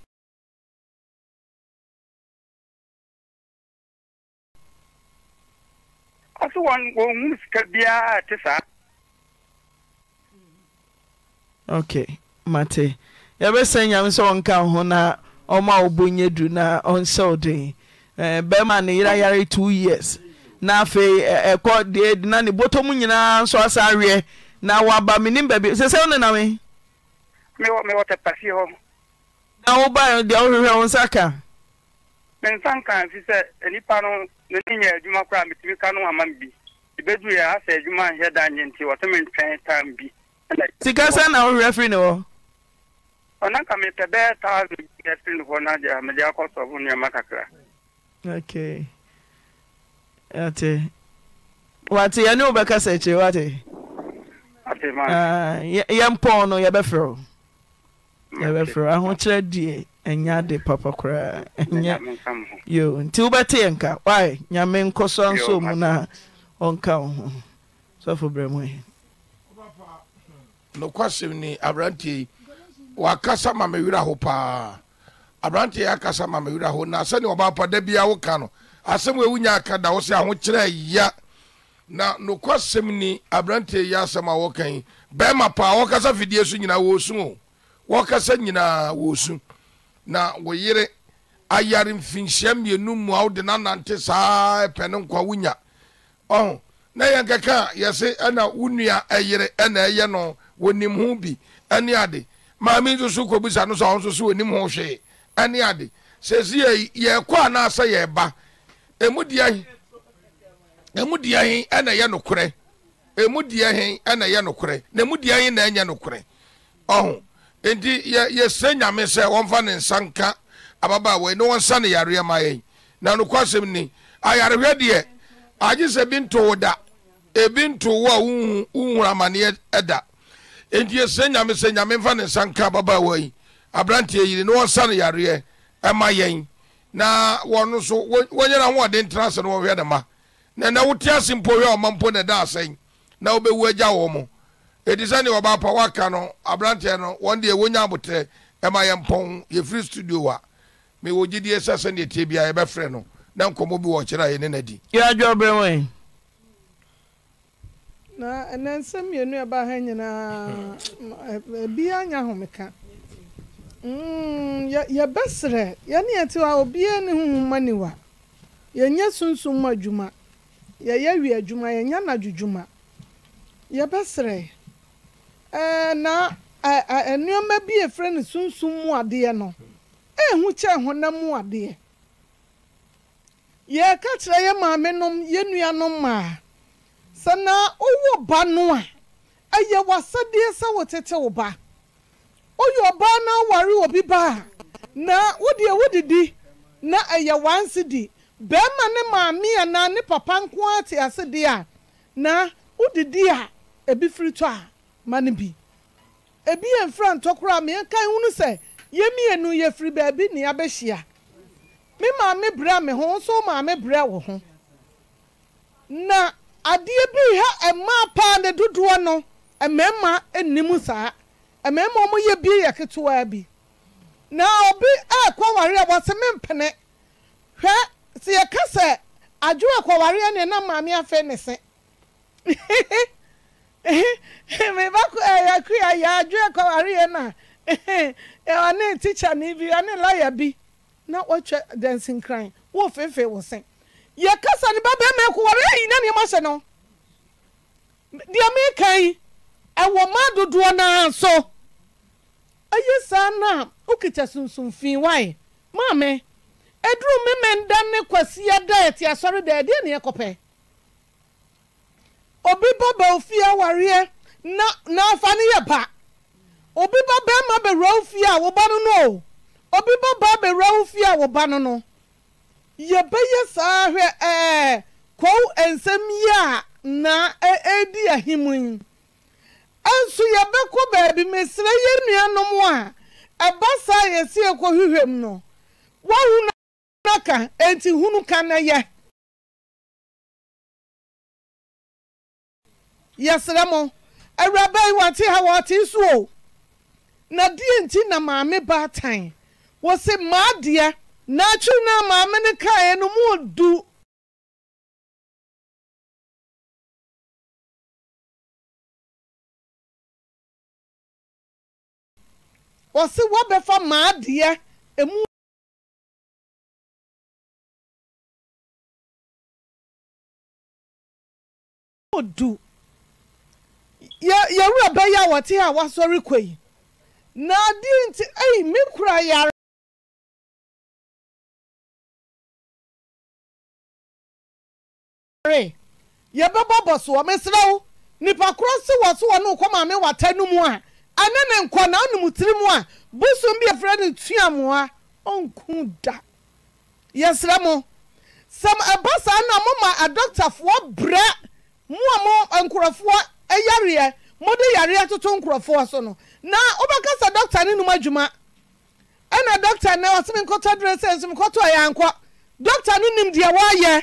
ɔso wɔn wɔn mu sika biara te saa. okay. mate yɛbɛsɛ nyame sɛ ɔnka ho na ɔma a du na ɔnsɛwo den bɛrima ne yera yare 2 years na afei ɛkɔ deɛ na ne botɔ mu nyinaa nso asa aweɛ na wɔaba menim baabi sɛ sɛ name na woba deɛ wohwehwɛ wo nsa ka nka si sɛ no nyɛ adwuma koraa metumi ka no ama bi asɛ adwuma nhyɛ da nti ntwɛn tam bi sika sɛ na ọ na ka mepere bɛɛ taa gɛtiri fɔ n'a jɛ a mɛ diya kɔ sɔrɔ fún nìyɛn kakra. ok ate wate yɛne wo bɛkasa akyiri wate ah, yɛmpɔn no yɛbɛfrɛ wo yɛbɛfrɛ wo ahokyerɛ deɛ ɛnyɛ e de papa koraa e ɛnyɛ yo nti wobɛte yɛ nka wae nyame nkɔ so mu na mu ni wakasa ma me ho paa aberanteɛ akasa ma me na sɛnea ọba da biaa woka no asɛm ɛwu aka da wo sɛ ahokyerɛ ya na nokwasɛm ni asɛm a wɔka yi bɛrima paa wɔkasa fidie so nyinaa wɔsu o wɔkasa nyinaa wɔsu na wo ayare mfinhyia mmienu mu a wode nanante saa pɛ ne nkwa na yɛn a yɛse ɛna wo nua ɛyere ɛna maame nso so kɔ no so onim ho hwee ɛne ade sɛsi yɛ anaasɛ emu deɛ emu deɛ emu deɛ hin na emu deɛ hin na ɛnyɛ nokorɛ ɔho nti yɛ yɛsɛ nyame sɛ wɔmfa ne nsa nka ababaawa yi na wɔn nsa ne yareɛ ma na asɛm ni ayarehwɛ ebi ntowo da ebi ntowo a amaneɛ ɛda. enti ɛsɛ nyame sɛ nyame mfa ne nsa nka ababaawa yi aberanteɛ yiri na wɔsa no yareɛ ɛma yɛn na wɔn nso wɔnyɛ na ahoɔden tena ase na wɔhwɛ ne ma na na wote ase mpo hwɛ ɔma mpo na ɛda asɛn na wobɛwu agya wɔn mo edi sɛ ne ɔbaapa waka no aberanteɛ no wɔn deɛ wɔnya abotire ɛma yɛn pɔn yɛfiri studio a mewɔ gyidie sɛ sɛdeɛ tie bia yɛbɛfrɛ no na nkɔmmɔ bi wɔ kyerɛ a yɛne no adi yɛadwa brɛ na ɛnɛ nsɛm mmienu ɛba ha nyinaa ebi eh, anya ahomeka mm, yɛbɛsrɛ yɛne yɛte hɔ a obiara ne huhu ma ni wa yɛnyɛ sunsun mu adwuma yɛyɛ wi adwuma yɛnyɛ n'adwudwuma yɛbɛsrɛ eh, na ɛɛ nneɛma bi efrɛ no sunsun mu adeɛ no ehu kyɛ honam mu adeɛ yɛka kyerɛ yɛ maame nom yɛ nuanom maa. sanaa wowɔ ba no a ɛyɛ w'asadeɛ sɛ wotete wo ba woyɛ ɔbaa na woware obi baa na wodeɛ wodidi na ɛyɛ wanse di bɛrima ne maame anaa ne papa nko ara te ase deɛ a na wodidi a ebi firi tɔ a ma no bi ebi yɛ mfra ntɔkora a meɛkan hunu sɛ yɛ yɛfiri baabi nea bɛhyia me maame brɛ me ho nso maame brɛ wo ho na adeɛ bi ha mmaa paa ne dodoɔ no mmarima nnim saa mmarima wɔn yɛ bi yɛ ketewa bi na obi a kɔware a wɔsɛ me mpene hwɛ sɛ yɛka sɛ adwo a kɔware ne na maame afɛ ne se [LAUGHS] meba eh, yɛkua yɛ adwo a kɔware na [LAUGHS] ɔne tikya ne bi ɔne lawyer bi na wɔatwa dansinkran wɔfefe wo sɛn yɛkasa ne babɛma ku wɔre ayina nneɛma hyɛ no deɛ meka yi ɛwɔ ma dodoɔ noa so ɛyɛ saa no a wokita sunsumfii wae maame ɛduru me menda ne kwasia da ɛte asɔre da ɛdeɛ ne ɛkɔpɛ obi ba baofie awareɛ na na afa ne yɛ pa obi ba bɛrima bɛwura wo fie a wo ba no no o obi ba baa bɛwura wo fie a wo ba no no yɛbɛyɛ saa hwɛ ɛɛ eh, kɔw nsɛm yi a na ɛɛdi eh, ahim yi ɛnso yɛbɛkɔ baabi mesrɛ yɛ nuanom a ɛba saa yɛsi ɛkɔ hwehwɛ mu no wahu na nti enti hunu ka na yɛ yɛsrɛ mo awuraba yi wɔte ha wɔte so o na deɛ nti na maame baatan wɔsi maa deɛ. n'atwi na maame ne kaeɛ no mu du wɔsi wɔbɛfa maadeɛ emu. du yɛwura bɛyɛ a wɔte a wasɔre kɔ yi na adi nti ɛyi me kura yare. re yɛbɛbɔ bɔ so wɔ meserɛ wo nipa korɔ se wɔ so wɔ ne wokɔ maame wata no mu a ɛne ne nkɔ na tiri mu a bosom bi afrɛ no tuamoa ɔnku da yɛserɛ mo sɛm ɛba saa na moma adɔktafoɔ brɛ mo a mo nkurɔfoɔ yareɛ de yareɛ toto nkurɔfoɔ so no na wobɛka sa dɔkta ne nom adwuma ɛna dɔkta nɛ ɔsome nkɔtɔ dere sɛ nsomkɔtɔɔ yɛ ankɔ dɔkta no nim deɛ wɔyɛ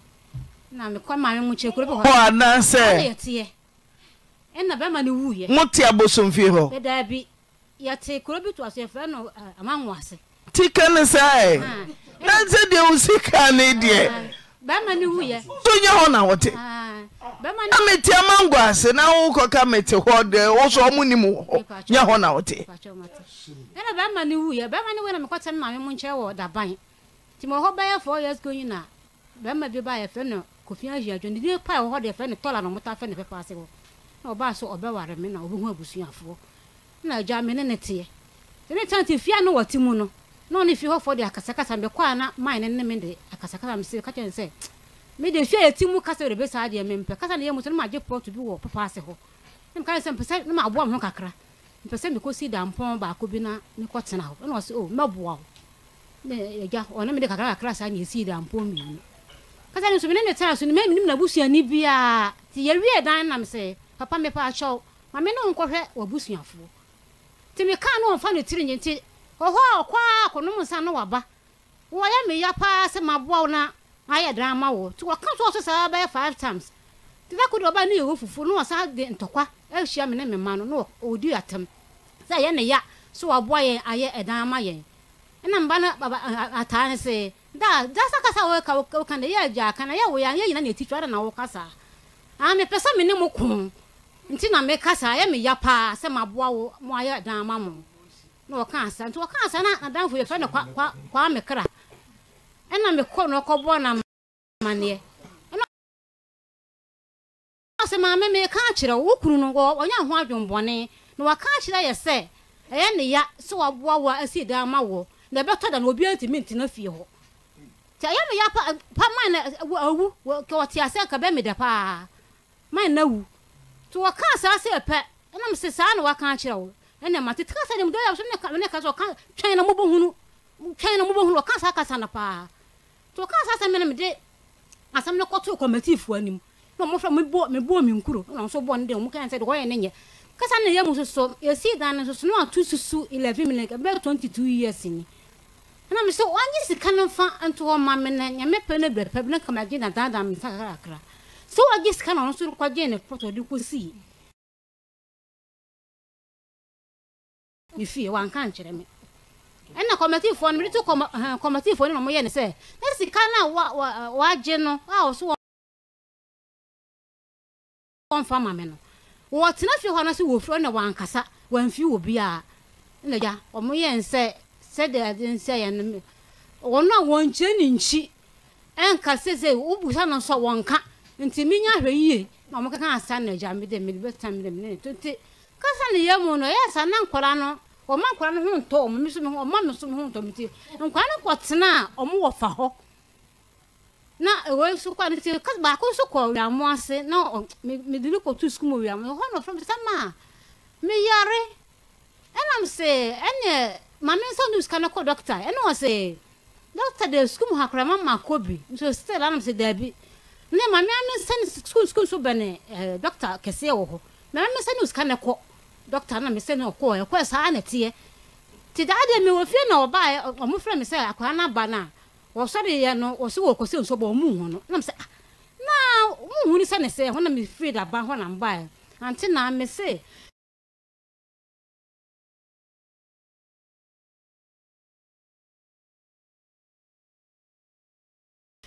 hɔ anaasɛ mote abosomfie hɔ tika ne sae ah. na sɛ deɛ wo sika ne deɛ ah. so nyɛ hɔ na wɔte ah. na mete amango ase na wokɔ ka mete hɔ deɛ wo so ɔmo nim wɔ hɔ nyɛ hɔ na wɔte ɛna bɛrima no wuyɛ bɛrima no wuyɛ na mekɔtɛ me maame mo nkyerɛ wɔ daban nti ma wɔ hɔ bɛyɛ fɔ yɛ sukuu nyinaa bɛrima bi ba yɛfrɛ no kofi ahyia adwa ne ne paa wɔ de deɛ fɛ ne tɔla na ɔmota fɛ ne pɛpɛ ase hɔ na ɔbaa so ɔbɛware me na ɔbɛhu abusuafoɔ na agya me ne ne teɛ te e ne tante fia no wɔte mu no na ɔne fie hɔfoɔ de akasakasa mekɔa na mae ne ne me de akasakasa me se ka kyɛn sɛ mede fie a yɛti mu kasa de bɛsaa deɛ mempɛ kasa ne yɛ mu so ne magye pɔto bi wɔ papa ase hɔ ne meka sɛ mpɛ sɛ ne maaboa me ho kakra mpɛ sɛ mekɔsi dampɔn baako bi na mekɔtena hɔ ɛna ɔse o mɛboa wo ne agya ɔne mede kakra kakra saa ne ɛsii dampɔn mmienu kasa ne so mi ne ne tena so ne mɛmi nim na busuani biara ti yɛ wie dan nam sɛ papa mi pa akyɛw maame ne nkɔhwɛ wɔ busuafoɔ ti mi kaa ne wɔnfa ne tiri nye nti ɔhɔ ɔkɔ akɔnum nsa ne waba wɔyɛ mi ya paa sɛ ma boaw na ayɛ dan ama wɔ ti wɔka so ɔso saa bɛyɛ five times ti dɛ kodo ne yɛ wɔ fufuo ne wɔsan de ntɔkwa ahyia mi ne mi ma no ne ɔdi atam sɛ ɛyɛ ne ya so wɔaboa yɛn ayɛ ɛdan ama yɛn ɛna mba no ataa ne sɛ da dasa kasa wo ka wo kan ye ja kan ye wo ya ye nyina na ti twara na wo kasa a me pesa me ne mo kun nti na me kasa ye me ya pa se maboa wo mo aye dan ma mo na wo kan asa nti wo kan asa na adanfo ye fa na kwa kwa, kwa me kra ɛna me kɔ na ɔkɔ bɔ na maneɛ ɛna ɔsɛ maame me ka akyerɛ wo kunu no wɔ ɔnyɛ ho adwombɔne na waka akyerɛ yɛ sɛ ɛyɛ ne ya sɛ waboa wo a asi dan ma wo na ɛbɛtɔ da na obiara ntumi ntena fie hɔ ti ɛyɛ mi ya pa pa man na awu ka ɔte ase ka bɛ mi da paa man na wu ti wɔka saa se pɛ ɛna mi se saa na waka akyerɛ wo ɛna ma ti tika sɛ de mu dɔ yɛ so ne ka ne ka so ɔka twɛn na mo bɔ hunu twɛn na mo bɔ hunu ɔka saa kasa na paa ti ɔka saa sɛ mi na mi de asɛm ne kɔtɔ kɔmɛti fo anim na ɔmo fɛ mi bɔ mi bɔ mi nkuro ɛna nso bɔ ne de ɔmo ka sɛ de wɔyɛ ne nyɛ kasa ne yɛ mu soso yɛsi dan ne soso ne wa tu susu eleven million bɛɛ twenty two years ni ɛna mi sɛ wɔanye sika no fa nto hɔ ma mi na nyame pɛ ne bɛrɛ pɛ bi ne kama gye na daadaa mi nsa kakrakra sɛ wɔagye sika na ɔno nso kɔgye ne pɔtɔ de kɔsi ne fie wanka nkyerɛ me ɛna kɔmɛtifoɔ no mede to kɔmɛtifoɔ no na ɔmoyɛ ne sɛ na sika no a wɔagye no a ɔso wɔmfa ma me no wɔtena fie hɔ no sɛ wɔfiri na wɔankasa wɔamfi wɔ biaa na gya ɔmoyɛ nsɛ sɛdeɛ ade nsɛ yɛ no wɔn a wɔnkyɛ ne nkyi ɛnka sɛsɛ wobusa no nso a wɔnka nti menya ahwɛ yie na wɔn keka asa na agya mi dɛ mi de bɛta mi dɛ mi ne tonte kasa ne yɛ mu no ɛyɛ sa na nkwadaa no wɔn nkwadaa no ho ntɔ wɔn mi so mi mi so ho ntɔ mi ti nkwadaa no kɔ tena a wɔn wɔ fa hɔ na ewe nso kɔ ne ti baako nso kɔ wiamu ase na mi de ne kɔ tu sukuu mu wiamu hɔ na ɔfrɛ mi sɛ maa mi yare ɛnam sɛ ɛnɛ. maame nsa news ka no kɔ dɔkta ɛna ɔsɛ dɔkta de sukuu mu hakorama ma kɔ bi nso still anam sɛ daabi ne maame ame nsa ne sukuu sukuu nso bɛn ɛɛ eh, dɔkta kɛseɛ wɔ hɔ maame nsa news ka no kɔ dɔkta na mesɛ no ɔkɔ ɛkɔ saa na teɛ te daa deɛ mi wɔ fie na ɔbaa ɔmo fira mi sɛ akwadaa na ba na wɔsɔre yɛ no wɔsi wɔ kɔsi nso bɔ ɔmo hu no ɛnam sɛ ah, naa ɔmo hu ne sɛ ne na mi firi na mba yɛ ante sɛ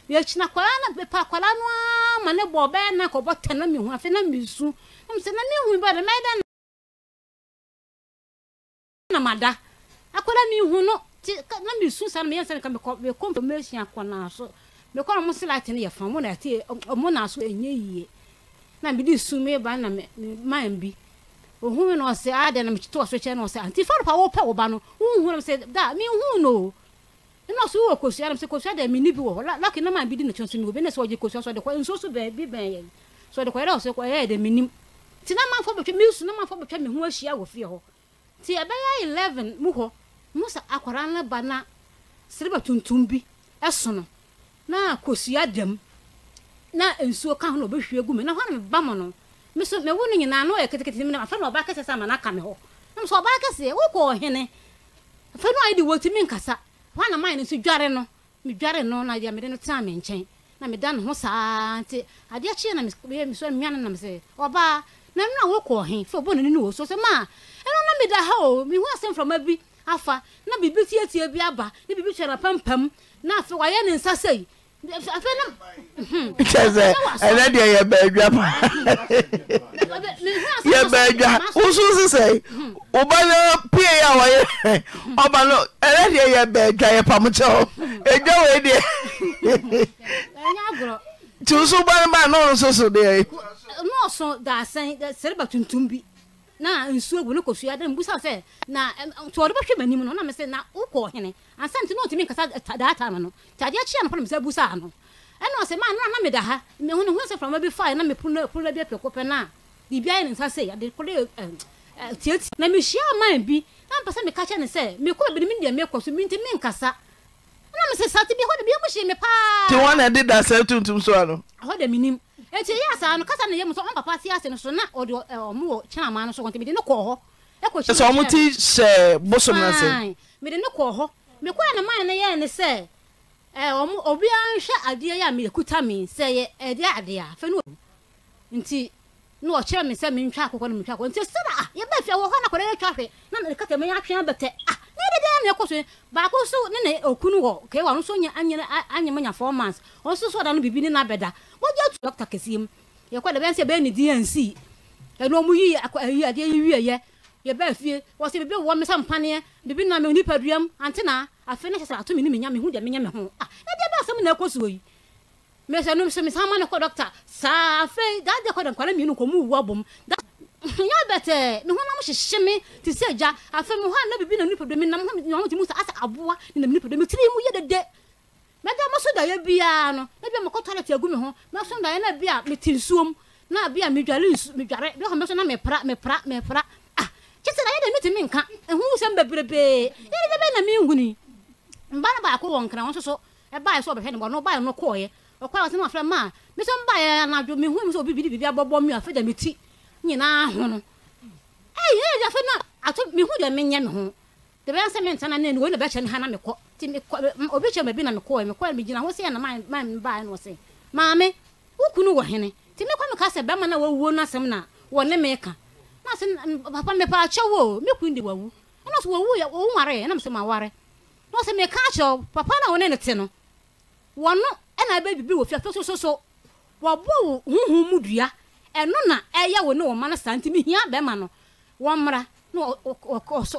yɛkyina akwaraa na bɛpɛ akwaraa no a ma ne bɔ ɔbɛyɛ na kɔbɔ tɛ na mihu afei na misu na misɛ na ne hu ba dɛm ɛdɛ na ma da akwaraa mihu no ti na misu saa na meyɛ nsɛn ka mekɔ mekɔ information akɔnaa so mekɔ na mo silaati no yɛ fa mo na ate mo na so enye yie na mi di su mi ba na mi man bi ohun mi na ɔsɛ aadɛ na mi tutu ɔso kyɛn na ɔsɛ anti fɔlɔpɔ awo pɛ ɔba no huhu na mi sɛ da mi hu no nna so wɔ kosua no sɛ kosua deɛ menni bi wɔ hɔ laki na maa bi di ne kyɛn so mi wɔ bi ne sɛ ɔgye kosua so ɔde kɔ nsuo so bɛn bi bɛn yɛ so ɔde kɔ yɛ dɛ ɔsɛ kɔ ɛyɛ dɛ menim ti na manfo bɛtwa mi su na manfo bɛtwa mi ho ahyia wɔ fie hɔ ti ɛbɛyɛ eleven mu hɔ mu sɛ akwaraa ne ba na siriba tuntum bi ɛso no na kosua dɛm na nsuo ka ho na ɔbɛhwie gu mi na hɔ na mi ba mo no mi so mewu no nyinaa no ɔyɛ ketekete na afɛn na ɔbaa kɛse sɛ ama na aka mi hɔ na mi sɛ ɔbaa kɛse wokɔ ɔhene afɛn no ayɛ hɔ na mayɛ no nso dware no medware oh, no na deɛ mede no tena me nkyɛn na meda ne ho saa nti adeɛ kyeɛ na mesɔ mmea no nam sɛ ɔbaa na ɛno na wokɔ he fɛ ɔbɔ nani no wɔ so sɛ maa ɛno na meda ha o mehu asɛ mframa bi afa na biribi tiatia bi aba ne biribi twɛra pampam na afei wayɛ ne nsa sɛi kyɛ sɛ ɛnɛ deɛ yɛ baadwa pa yɛ baadwa woso sesɛ woba no pie a wɔyɛ ɔba no ɛnɛ deɛ yɛ baadwa yɛ pam kyɛ hɔ ɛdwa wei deɛ nti woso ba no ba na ɔno so so deɛ nɔɔso daasɛn sɛreba tuntum bi na nsuo gu ne kosua dɛ mbusa sɛ na tɔɔde bɛhwɛ m'anim no na mesɛ na wokɔ ɔhene ansa nti na ɔtumi nkasa eh, daa tam no tadeɛ kyea no pa na mesɛ busaa no ɛna ɔsɛ ma na na meda ha mehu ne hu sɛ frama bi fae na mepono kuro bi apɛ kopɛ na biribi ayɛ ne nsa sɛ ade kɔde tiati na mehyia aman bi na mpɛ sɛ meka kyɛ ne sɛ mekɔ bɛde me deɛ mekɔ so menti menkasa na mesɛ sate bi hɔ de bi ɛmu hye me paa nti wɔn na ɛde da sɛ tuntum so ano ɛhɔ da menim nti yɛ saa no kasa na yɛ mu sɛ ɔn papa si ase no so na ɔde eh, ɔmo wɔ kyɛnama no so wɔn e ti mi de ne kɔɔ hɔ ɛkɔ kyerɛ sɛ ɔmo ti hyɛ bosom na se mi de ne kɔɔ hɔ mi kɔ yɛ ne maa ne yɛ ne sɛ ɛɛ eh, ɔmo obiara nhwɛ adeɛ yɛ a mi kuta mi sɛ yɛ ɛdeɛ adeɛ a fɛn no nti na ɔkyerɛ mi sɛ mi ntwa akokɔ na mi ntwa akokɔ nti sɛ na yɛ bɛ fi ɛwɔ hɔ na kɔdɛ yɛ twa ahwɛ na ne kata mi yɛ atwe abɛtɛ ne kɔ so baako so ne na okunu wɔ kewa ɔno so nya anyina anyima nya four months ɔno so so no bibi ne n'abɛda wɔgye atu dɔkta kɛseɛ mu yɛkɔ dɛ bɛn bɛn ne di yɛn ɔmo yi ayi adeɛ yi wie yɛ yɛbɛn fie wɔsi bibi wɔ mi mpaneɛ bibi na mi nipa dua mu antena afei ne sɛ ato mi mi nya mi hu deɛ mi nya mi ho ah ɛdeɛ bɛ asɛm na ɛkɔ yi mɛsɛnum sɛ mi ama ne kɔ dɔkta saa afei daade kɔ dɛ nyɛ bɛtɛ ne ho nam hyehye me te sɛ agya afei me hɔ a na biribi na nipa domi nam nyɔma ti mu sɛ asɛ aboa ne nam nipa domi tiri mu yɛ dede mɛda mɔso daeɛ biara no na bia mɔkɔ toilet agu me ho mɛso daeɛ na bia mete nsuom na bia medware nsu medware bi hɔ mɛso na mepra mepra mepra ah kye sɛ daeɛ dɛ metumi nka ɛho sɛm bebrebee yɛde dɛ bɛyɛ na menhu ni mba no baako wɔ nkra wɔn soso ɛbaeɛ sɛ ɔbɛhwɛ ne bɔ no ɔbaeɛ no kɔɔeɛ ɔkɔɛ ɔsɛ no afrɛ ma a mesɛ mbaeɛ anadwo mehu mu sɛ obi biribibi abɔbɔ mi afɛ da meti nyinaa ho no ɛyɛ ɛyɛ dafɛ na ato mihu deɛ menyɛ me ho dɛbɛ sɛ mi ntana ne wei na bɛkyɛ mi ha na mi kɔ ti mi kɔ obi kyɛ mi bi na mi kɔ mi kɔ mi gyina ho sɛ ɛna maa maa mi baa ɛna ɔsɛ maame wo kunu wɔ hene ti mi kɔ mi ka sɛ bɛrima na wawuo n'asɛm na wɔ ne mi ka na sɛ papa mi pa akyɛ wo mi kun de wawu ɛna sɛ wawu yɛ wawu nware ɛna mi sɛ ma ware na sɛ mi ka akyɛ papa na wɔne ne te no wɔn no ɛna ɛbɛ bibi wɔ fia sososo wɔbɔ huhu mu dua ɛno na ɛyɛ wɔ ne wo ma no saa nti mehia bɛrima no wɔmmra na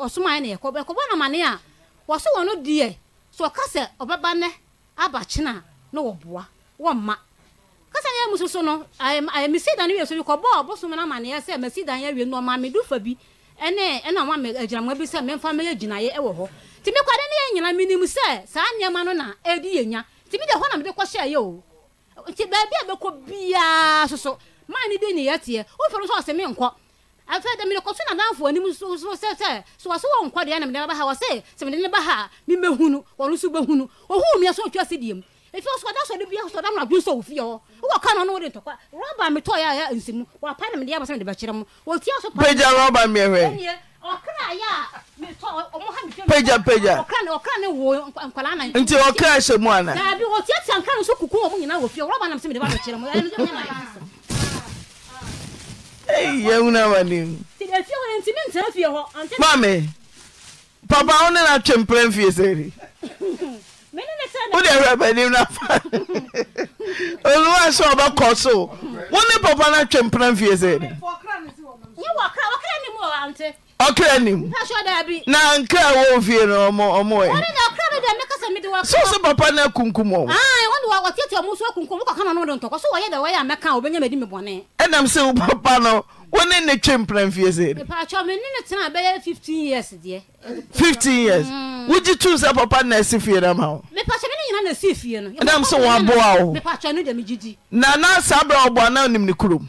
ɔsomaɛ ne yɛkɔ ɛkɔbɔ namane a wɔso wɔ no deɛ sɛ ɔka sɛ ɔbɛba nɛ aba kyena a na wɔboa wɔmma kasa yɛ mu soso no mesi dan no wie so bikɔbɔɔ na no amaneɛ sɛ masi dan yɛ wie no ɔma medu fa bi ɛne ɛna ma me agyinamoa bi sɛ memfa mɛyɛ gyinaeɛ ɛwɔ hɔ nti mekwade ne yɛ nyina menim sɛ saa nneɛma no na ɛdi yɛnya nti mede hɔ na mede kɔhyɛeɛ o nti baabi a bɛkɔ biaa soso maa ni de ne yɛ teɛ o fɛn sɔ ɔsɛ mi nkɔ afɛ dɛ mine kɔsɔ nadanfo anim so so sɛ sɛ so wɔsɛ wɔ nkɔ deɛ na mede ba ha wɔsɛ sɛ mede ne ba ha mi bɛ hunu wɔn nso bɛ hunu ohun mi ɛsɛ otwa si deɛ mu efi ɔsɔ ɔda sɔ de bi ɔsɔ ɔda mu adu nsɔ ofie hɔ wɔ kan na ɔno de ntɔkwa rɔba mi tɔ yɛ ayɛ nsi mu wɔ apa na mede yaba sɛ mede bɛ kyerɛ mu wɔ tia so pa. pɛgya rɔba mi ɛhwɛ. ɔkra yɛ a mi tɔ ɔmo ha mi fɛ. pɛgya pɛgya ɔkra ne ɔkra ne wo nkwadaa na. nti ɔkra ɛhyɛ mu ana. daabi wɔ tia tia nkra ne so kuku wɔn nyinaa wɔ fie rɔba na mi sɛ mede ba bɛ kyerɛ mu ɛyɛ mi sɛ mi yɛ ma yɛ yɛwuno ma nimmame papa wone na atwe pra mfie serwodebn sɛ obɛkɔ so wo ne papa no atwe mpra mfie sɛr ɔkra nim na nkra wɔ ɔ fie no ɔmo ɔmoeso so papa no akumkum ɔmɛnam se wo papa no wone ne twa mpera mfie se 5 yeas mm. wogye tu sɛ papa nna ase fie no ama ɔanam so woaboa n nasaa bra wɔbɔana nim ne krom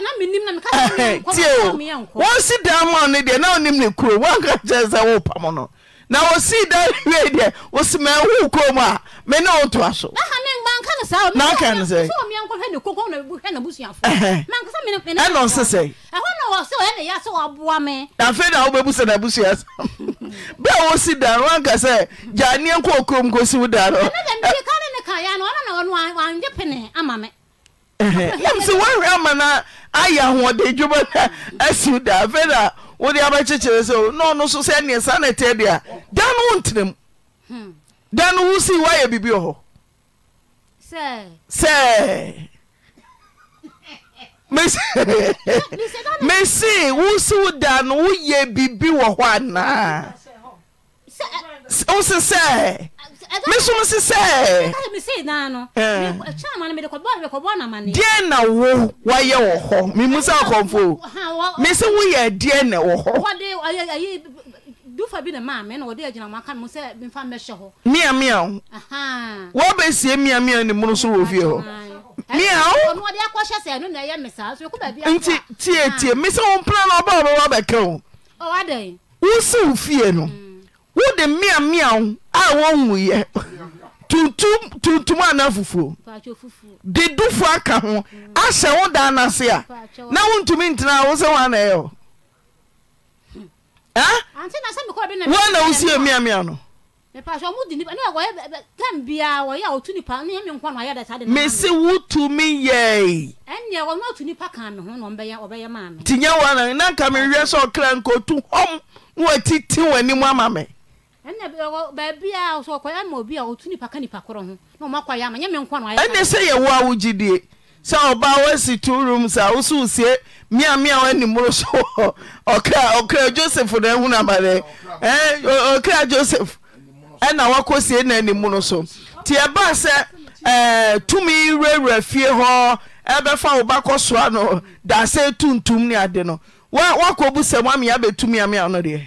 tio wɔsi dan ma no deɛ na onim eh, ne kuro woanka kyerɛ sɛ wopam no na wɔsii dan wie deɛ wɔsi ma ɛwo kurom a me ne wotoa so na aka ne sɛ ɛnɔ se sɛ afei na wobɛbu sɛ nabusua sɛm bɛ a wɔsi dan woanka sɛ [LAUGHS] gya nneɛ nkɔ kurom kɔsi wo da no m si woahweɛ ma no ayɛ hoɔde dwoba na asi w daa fedaa wode abɛkyekyerɛ sɛ na ɔno so sɛ annea saneta deɛ a da no wontiam da nwosii woayɛ biribi wɔ hɔ sɛ mesii wosi wo daa no woyɛ birbi wɔ hɔ anaawo se sɛ mesom se sɛ eh. eh, deɛ na wo woayɛ wɔ hɔ memu sɛ akɔmfo me se woyɛ deɛ na wɔ hɔ dufa bi na maa mi na ɔde agyina mu aka mu sɛ nfa mbɛhyɛ hɔ. mia mia wɔbɛsie mia mia ne mu so wɔ fie hɔ mia o. ɔno ɔde akɔhyɛ sɛ ɛno na ɛyɛ misa so ekuma bi. nti tie tie misa wɔn plan na ɔbaa ɔbɛwɔ abɛka o. ɔwɔ adan. wusiw fie no. Mm wode mmeammea a wɔnwuyɛ tuntum tuntum ana fufuo de dufo aka ho ahyɛ wo daa n'ase a na wontumi ntena a wo sɛ woana ɛyɛ hɔ woa na wosie mmeammea no mese wotumi yɛi nti nyɛ woana na nka mehwɛ sɛ ɔkra nka otu hɔm na watiti w'anim ama me ɛne sɛ yɛwo a wogyedie sɛ ɔba woasi two rooms a woso wosie meamea woanimoro so wɔ ɔkra joseph na ahunu amanɛ ɔkra joseph ɛna woakɔ sie na animuno so nti ɛbaa sɛ tumi wurawura fie hɔ ɛbɛfa wobakɔ soa no daasɛ tuntum ne ade no woakɔ bu sɛ no deɛ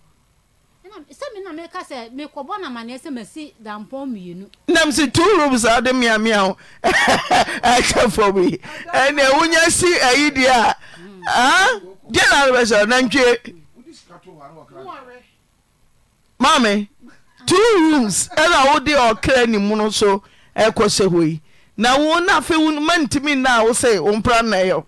nam si to romes a wode mmeamea wo [LAUGHS] ɛsɛ fa m yi ɛnea wonya si ayidiɛ a gyanaobɛsɛnantwie hmm. mame to roms ɛna wode ɔkra nimono so ɛkɔ sɛ hɔ yi na wo ne afe woma ntimi nnaa wo sɛ wo mpra nnaɛyɛ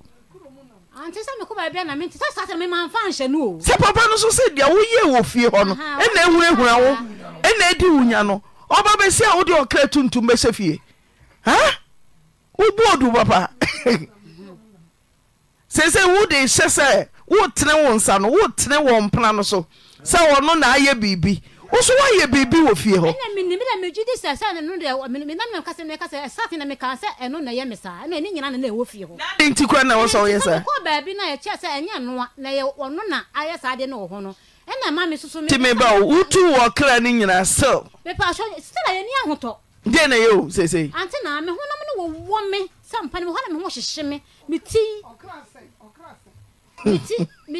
ante sɛ mekɔ baabi a na mente sɛ sasɛ mema mfa nhyɛ no o sɛ papa no so sɛ deɛ woyɛ wɔ fie hɔ no ɛna ɛhunahuna wo ɛna ɛdi wo nya no ɔba bɛsi a wode ɔkra tuntum bɛsɛ fie ha wobu ɔdu papa sɛ sɛ wode hyɛ sɛ wotene wo nsa no wotene wɔ mpena no so sɛ ɔno na ayɛ biribi woso wayɛ birbi wɔ fie hɔnmenɛ mgyee sɛɛɛɛsynaɔeaiɛɛnɛ amewo wɔ kra ne nyina sɛ nt na mehonom no wɔwɔ me sapa mohyehye me e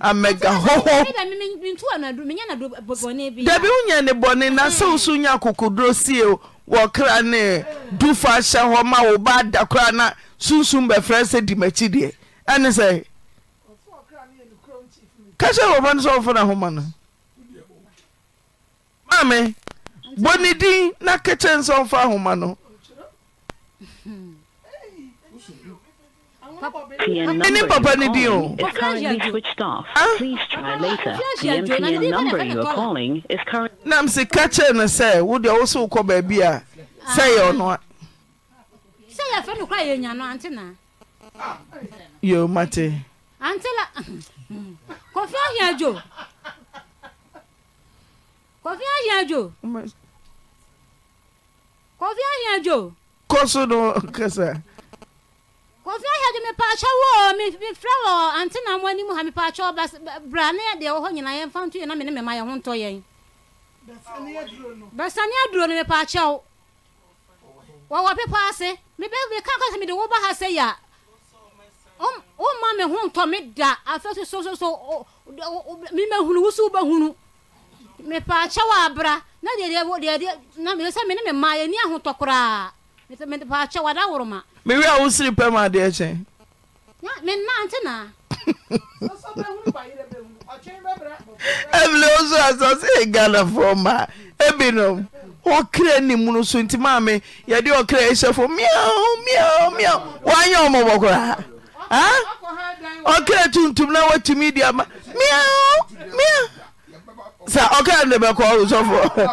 dabi wonya ne bɔne na mm. sɛ wo so nya akokodoro sie wɔ kra ne du fa hyɛ hɔ ma wo ba da koraa na sunsum bɛfrɛ sɛ di makyi deɛ ɛne sɛ ka hyɛ wɔbɔ no sɛ wɔfo no homa no maame bɔ din na kɛkyɛ nsɛ ɔmfa no PN number ah. ah, you are calling Is currently switched off. Please try later. The MPN number you are calling is currently. Na m sị kacha na sị wụ dị ọwụsị ụkọ beebi a sị ya ọnụ. Sị ya fe n'okpuru ya enya nọ na. Yo mate. Antị la [LAUGHS] kọfị ahịa jo kọfị ahịa jo kọfị ahịa jo. Kọsụ nọ kasa kofi ayɛ de mepaakyɛ wɔ mefrɛ wɔ ante na mo anim ha mepaakyɛ wɔ bra ne deɛ wɔ hɔ nyinaa yɛmfa nto yɛ na mene mema yɛ ho ntɔ yɛn bɛsane aduro no mepaakyɛ wo wɔwɔ pepɔ ase meka kɔ sɛ mede woba ha sɛ yɛ o woma me ho ntɔ me da afɛ so so so so memahunu wo so wobɛhunu mepaakyɛ wɔ abra na deɛ deɛ na sɛ mene mema yɛni ahotɔ koraa mewia wo sire pɛmeadeɛkyelsoassganfɔ ma ebino ɔkra ne muno so nti maa me yɛde ɔkra ahyɛfo me wanyɛ omɔbɔkoraa ɔkrɛ tutum na wotimidiama sa ɔkra nde mɛkɔfoɔ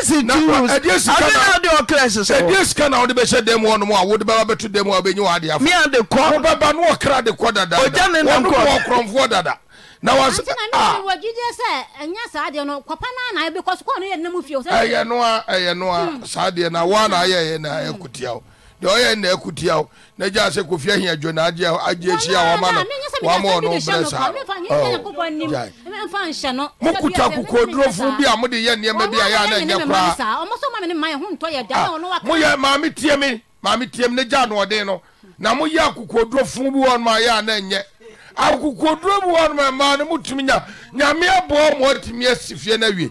crazy jews abi na ɔde ɔkra ɛsesɛ ɛdeɛ sika na wode bɛhyɛ dɛm hɔ nom a wode bɛba bɛto dɛm a wobɛnya wɔ adeɛ mea de kɔ wobɛba ne wɔkra de kɔ dada ɔgya ne nam kɔ ɔkorɔmfoɔ dada na wa sɛ aa wɔ gidi sɛ ɛnyɛ saa deɛ no kɔpa na na ebi kɔ so kɔɔ no yɛ nam fie ɛyɛ noa ɛyɛ noa hmm. saa deɛ na wa na ayɛ yɛ na ɛkutia o deɛ ɔyɛ nna ɛkutia wo na gya sɛ kofi ahia dwo na agye agye ahyia wama no wama ɔno brɛ saa mokuta kokodurofo bi a mode yɛ nneɛma bi a yɛ a na ɛnyɛ koraa moyɛ maame tie me maame tie me na gya anoɔden no na moyɛ akokodurofo bi wɔ no a yɛ a na ɛnyɛ akokoduro bi wɔ no ma mmaa no motumi nya nyame aboa ma ɔtumi asi fie no awie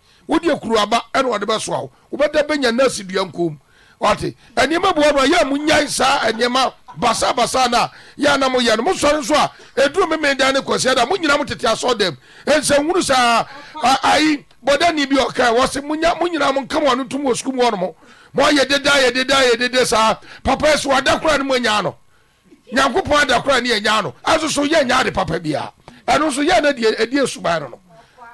wodi akuruaba ɛna ɔde bɛsoa wo wobɛda bɛnya nurse dua nkom wate nneɛma boa no a yɛ a monyan saa nneɛma basabasa no a yɛ na moyɛ no mosɔre nso a ɛduru meme dan ne kɔsiɛ da monyina mo tete asɔ dam ɛnsɛ nwunu saa ayi bɔdani bi ɔka wɔ se monyina mo nka mo ano tom wɔ sukuu mu hɔ nomo ma ɔyɛ deda yɛ deda yɛ dede saa papa ɛso ada kora no mu anyaa no nyankopɔn ada kora ne yɛnyaa no aso so yɛnyaa de papa biaa ɛno nso yɛ na adi asuban no no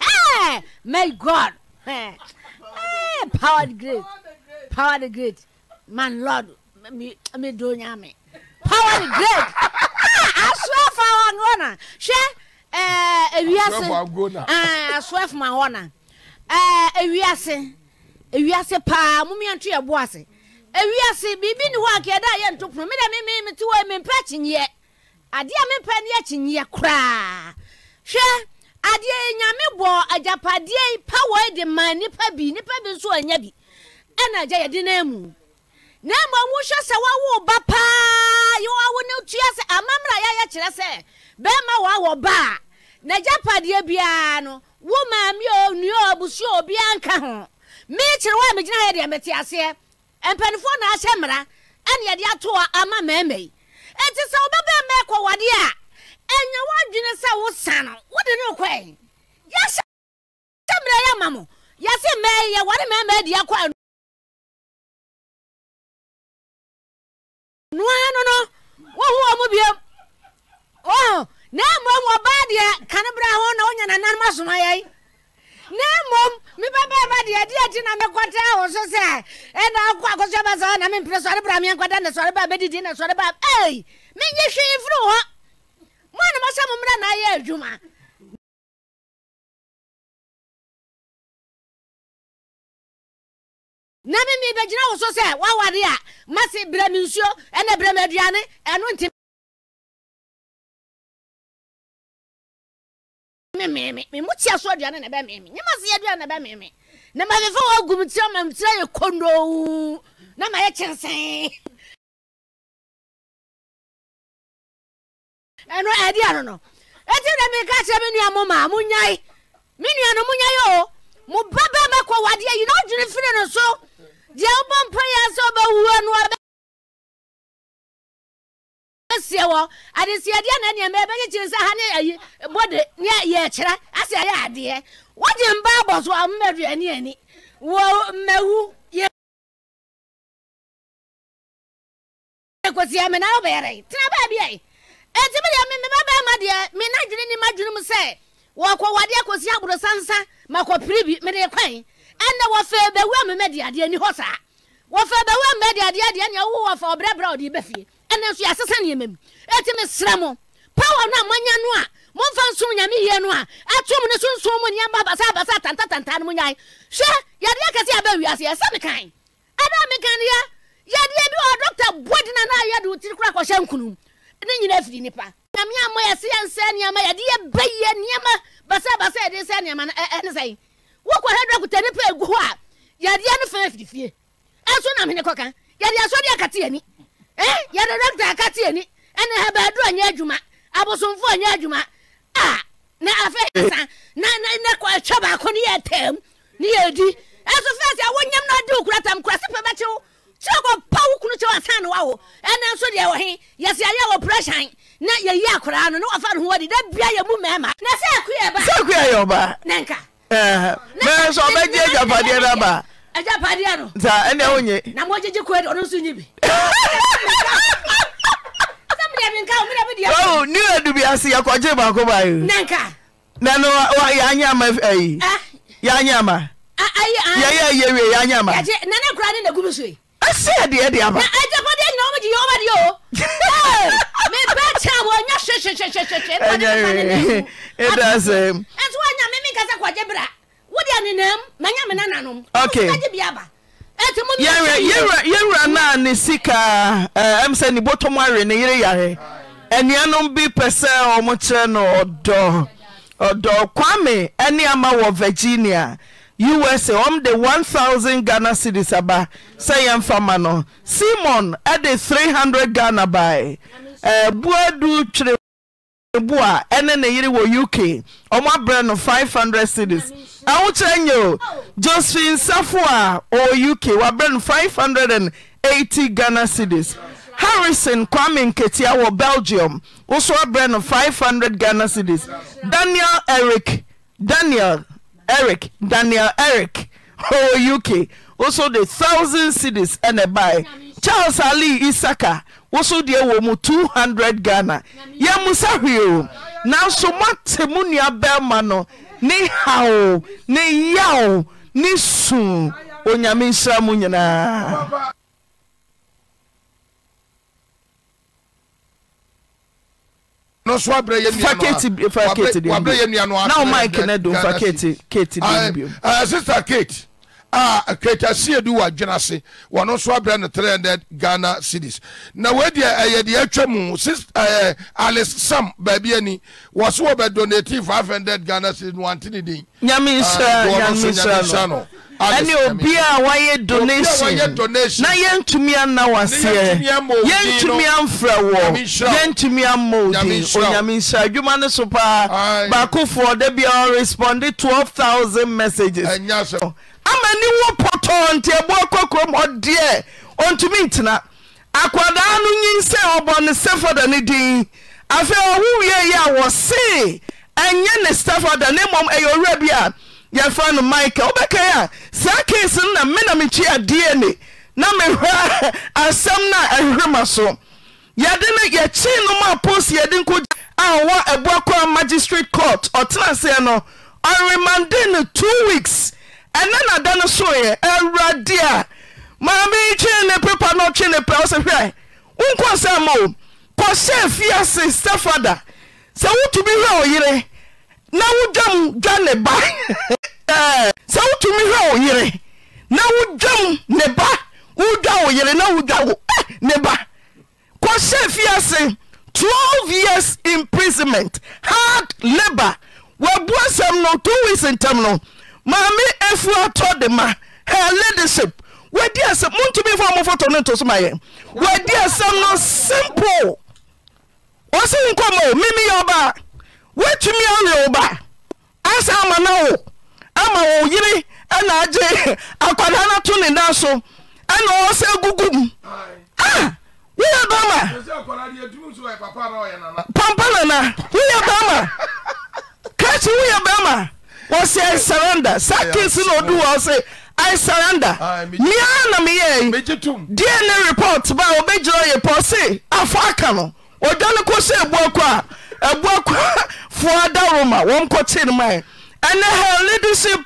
Hey, my God. Hey, power the great. Power the great. Man, Lord, me, me do nyame. Power the great. ah, I swear for one one. She, eh, ewiase. Ah, I swear for my one. Eh, ewiase. Ewiase pa, mumi antu ya boase. Ewiase, bibi ni wa kieda ye ntupno. Mida mimi mitiwa mimpe chinye. Adia mimpe niye chinye kwa. She, adeɛ nyame bɔ agyapadeɛ pawɔ de ma nipa bi nipa bi nso anya bi ɛna agya yɛde no amu na mmom wohwɛ sɛ wawo ba paa yɛwawo ne tua sɛ amammerɛ yɛayɛ kyerɛ sɛ bɛrima waawɔ ba na agyapadeɛ biara no wo maame o nnua o abusua obiara nka ho mekyerɛ wo a megyina ha yɛ deɛ mete aseɛ mpanifoɔ na ahyɛ mmara ɛne yɛde ato ama mmarima yi ɛnti sɛ wobɛbɛɛ mɛɛkɔwadeɛ a ɛnyɛ wodwene sɛ wo sa no wode ne kɔ yɛɛrɛ yɛma mɔ yɛse mɛyɛwaredeaɔa noa n n wohoɔ m bi oh, na ɔbaa deɛ kane braɔnawonyananan asonɔyɛ na mo mebabaaba deɛ deai na mekɔtaa ho so sɛ aɔn sreae meye hweiforo hɔ mo a na ma sɛ mo mmerɛ na ayɛ adwuma na mi mi bɛgyina wo so sɛ woaware a mase berɛ me nsuo ɛna berɛ me aduane ɛno nti mememe me mo kyea so aduane na ɛbɛ meme nyɛ ma se aduane na ɛbɛ meme na ma fefa wɔ agu m tira ma m tira yɛ kondoo na ma yɛ kyensee ɛnoadia no no ɛtidɛ meka kyerɛ me nuamo maa monya menuano monyai o mobaba mɛkɔ wadeɛ yino dwene fini no so dɛ wobɔpyɛ sɛ bɛwansiɛwɔ ades adin nemaɛnya k sɛ ha ne yɛkyera e as e yɛ e. adeɛ wogye mbabɔ somadaneani m ksiamenbɛyɛri teaba bia eti eh, mi deɛ mi mi ba bɛrima deɛ mi na dwene ne ma dwene mu sɛ wɔkɔ wade akɔsi aborosansa ma kɔ piri bi mi de kwan ɛnna wɔfɛ bɛwura mi mɛ de ni hɔ saa wɔfɛ bɛwura mi mɛ de adeɛ deɛ nea wɔwɔ fɔ ɔbrɛbrɛ ɔde bɛ fie ɛnna nso yasesa nneɛma mu eti srɛ mo power no a manya no a momfa nsom nyame yie no a atom ne sonsom mu nneɛma basabasa tantatanta no mu nyae hwɛ yɛdeɛ kɛse aba wiase ɛsɛ mekan ɛda mekan no yɛ yɛdeɛ bi wɔ dɔkta boade no na yɛde wo tiri kora kɔhyɛ nkunum ne nyina firi nipa na me amoy ase ansa ne ama nyame a mo yɛse basa basa yade yɛbɛyɛ nneɛma basabasa yɛde sɛ nneɛma no ɛne sɛe wokɔhɛ dɔkuta nipa egu hɔ a yɛdeɛ ne fa firi fie enso na me ne hene yade aso asɔde akate ani eh yade doctor akate ani ene ha ba do anya adwuma abosomfo anya adwuma ah na afa eh. sa na ne kwa chaba ɛtwa baako ne yɛ tɛm ne enso fa fɛsɛ a wonyam na di okura kura tam kura sepɛ bɛkyew kɛpa wo kon kysan nɛ so de h yɛsɛayɛwpasa na yayi kra n na adaaym ɛɛye yapaɛneadu biase yɛkɔgye baka ɛsɛ deɛ de aba agyapadeɛ nyina wɔmgye yɛwɔma deɛ o mebɛ kyɛ a wɔanya hwehwehwehwehwɛdasɛm ɛnso woanya me menka sɛ kwagye bra wode anenam manya me nananom okagye bi aba yɛwura no a ne sika ɛm sɛ ne bɔtɔm awe ne yere yare anuanom bi pɛ sɛ ɔmo kyerɛ no ɔdɔ ɔdɔ kwame ɛne ama wɔ virginia usa ɔm the 1000 ghana cities aba say yɛmfa ma no simon the 300 ghana uh, Bua buadu tre bua, ɛne ne yere wɔ uk ɔmo brand of 500 cities will tell you, josephine safo a or uk waberɛ brand 580 ghana cities harrison kwame nketia wɔ belgium also a brand of 500 ghana cities daniel eric daniel eric daniel eric uk [LAUGHS] wo so de 000 cities ɛnɛ bae charles ale isaca wo so deɛ wɔ mu 200 ghana yɛnammu sa hweɛo nanso moate mo nua bɛrma no ne hao ne yao ne suu onyame nhyira mu nyinaa na so abrɛ yɛ a fa kate deɛ wabrɛ yɛ nua no a na o mic ne do fa kate kate deɛ bi ɛɛ sista kate ah, a kate asiedu wa adwene ase wɔn nso abrɛ no three hundred ghana cedis na wei deɛ ɛyɛ eh, deɛ atwa mu sis ɛɛ eh, alice sam baabi ani wɔso wɔ bɛ donate five hundred ghana cities. no wante ne den. nyame nsira ah, nyame no. ɛne obiaa wɔayɛ donation na yɛnntumi anna w aseɛ yɛntumi amfra wɔ yɛntumi ama oin onyame nsya adwuma ne so paa baakofoɔ ɔda biaa respɔnde 12000 messages ama ni wɔ pɔtɔɔ nte aboa kokurom hɔ deɛ ɔntumi ntena akwadaa no nyim sɛ ɔbɔne stafardar no din afei ɔho wieyi a wɔ see ɛnyɛ ne staffarda ne mmom ɛyɛ ɔwera bi a yɛfa no mica wobɛkɛei a saa keseno na me na mekyi a dna na mehra [LAUGHS] asɛm no ɛhehrema so yɛde ne yɛkyee nom a pos yɛdenkɔgy awɔ ɛboakoa magistrate court ɔtenaseɛ no ɔremande no tw weeks ɛna nada no soeɛ ɛwurade a maa mɛny kyie ne prepa no ɔtwene pɛ w sɛ hwɛ wonkɔ sɛa mma o kɔsyɛ fiase sɛfada sɛ woto bi hwrɛ ɔyere na wodwam dwa ne ba sɛ [LAUGHS] eh, wotumi hwɛ wo yere na wodwam ne ba wodwa wo yere na wodwa wo eh, ne ba kɔhyɛ fiase twelve years imprisonment hard labor wɔabua sɛm no two weeks ntam no maame afu atɔ de ma her leadership wɔadi asɛm montumi fa mofoto no nto so ma yɛ wɔadi asɛm no simple ɔse nkɔmmɔ memeyɛ ɔbaa wotumi awewo ba asa ama na wo ama o yere ɛna agye [LAUGHS] akwada notone na so ɛna ɔɔ sɛ agugu m woyɛ bma pampa nana woyɛ bma kaki woyɛ bama wɔse isaranda sakesi na ɔdu ɔ se isaranda nmeara na meyɛ deɛ ne report maa obɛgyirɛ ɔyɛpɔ se afo aka no ɔgwa no kɔsɛ abuakoa a aboakoa foadaroma wɔnnkɔkyee noma ɛnɛ hɛr leadership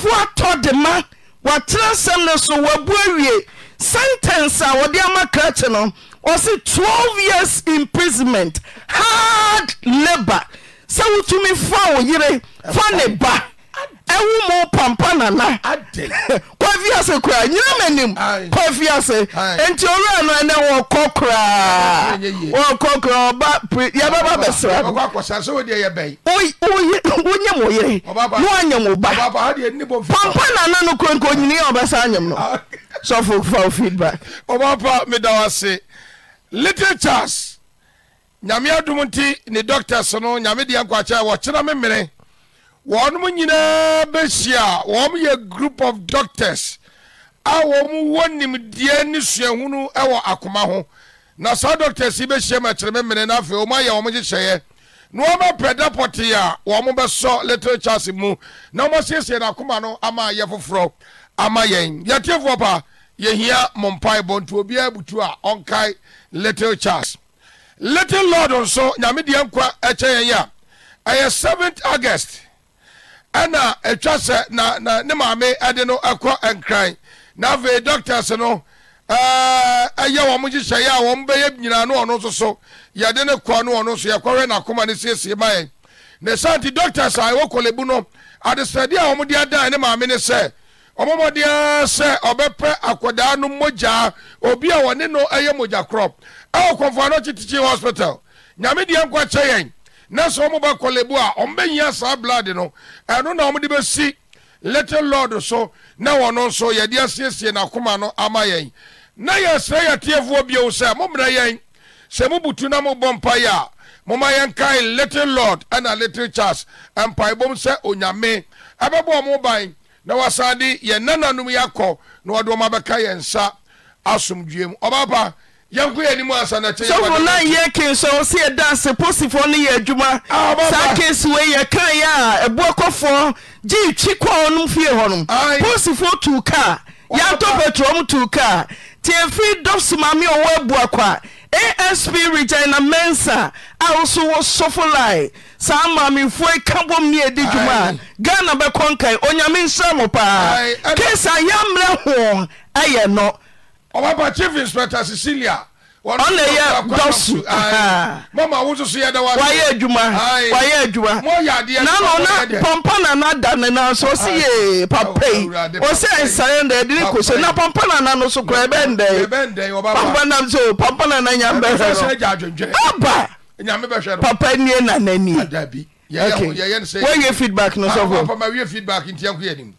fuatɔ de ma wɔaterɛ sɛm ne so wɔabu awie sentense a wɔde ama krakye no ɔse 12 years imprisonment hard laba sɛ wotumi faw yere fa ne ba awo mu pampa nana [LAUGHS] kfiase kora yenm nim fiase nti w n kkora raba bsera oyyeryoba pampa nana n yn ɛsa ym sfafeedback [LAUGHS] bapa edawse literatures nyame adom nti ne doctar sno nyame deankwake wokyera memere wọn wɔnom nyinaa bɛhyia wɔn yɛ group of doctors a wọn wɔn wɔ nimdeɛ ne suahunu wɔ akoma ho na saa doctors yi bɛhyia mu akyerɛmɛ mmene na afei wɔn ayɛ wɔn hyehyɛeɛ na wɔn apɛ da pɔtee a wɔn bɛsɔ literatures mu na wɔn asiesie n'akoma no ama yɛ foforɔ ama yɛn yɛtiefoɔ pa yɛhia mo mpaebɔ nti obiara butu a ɔnkae literatures little lord nso nyame deɛ nkwa ɛkyɛ yɛn a ɛyɛ 7th august ɛna atwa sɛ na na ne maame ɛde no ɛkɔ nkran na afei doctors no ɛɛ ɛyɛ wɔn a wɔn bɛyɛ nyinaa no ɔno nso so yɛde ne kɔ nso yɛkɔhwɛ n'akoma ne siesie ma yɛn na santi doctors a ɛwɔ kɔlɛbu no a wɔn de adan ne maame ne sɛ sɛ ɔbɛpɛ akwadaa no a wɔne no ɛyɛ mogya korɔ ɛwɔ hospital nyame deɛ nkɔ kyɛ na sɛ ɔmo ba kɔlebu a ɔmo bɛnyia saa blood no ɛno na ɔmo de bɛsi little lord so na wɔno nso yɛde asiesie n'akoma no ama yɛn na yɛsrɛ yɛteɛfoɔ bio sɛ mommrɛ yɛn sɛ mobutu na mobɔ mpaeɛ a moma yɛnkae little lord ɛna little charles mpaebom sɛ onyame ɛbɛbɔ ɔmo ban na wasan de yɛn nananom yɛakɔ na wɔde ɔmo abɛka yɛn nsa asomdwuem ɔbaapa sɛfoo na nyɛ kensowo sɛ yɛdanse posifoɔ no yɛ adwuma saake siwei yɛ kaeɛ a ɛboa kɔfoɔ gye twi kɔɔ nom fie hɔno posifoɔ tu ka yɛ ntɔpatuɔ m tuu kaa tiafi dɔsmame a ɔwɔ abuakwa asp regina mɛnsa a woso wɔ sofoli saa maamemfoɔ ka bom ni ɛdi dwuma a ghana bɛkɔnkae ɔnyame nsra mɔ paa kɛsa yɛ mmerɛ hoɔ ayɛ nɔ ɔbaba chief inspector cecilia ɔna yɛ dɔso mama wo nso so yɛ dɛ wayɛ adwuma wayɛ adwuma nana ɔna pɔmpa nana da ne nan so ɔsi yɛ papa yi ɔsi ɛnsɛn dɛ ɛdi ne ko so na pɔmpa nana no so kura ɛbɛn dɛ pɔmpa nam so pɔmpa nana nyam bɛ hɛ aba papa nie nana nie ok wɔyɛ feedback no ah, sɔfo.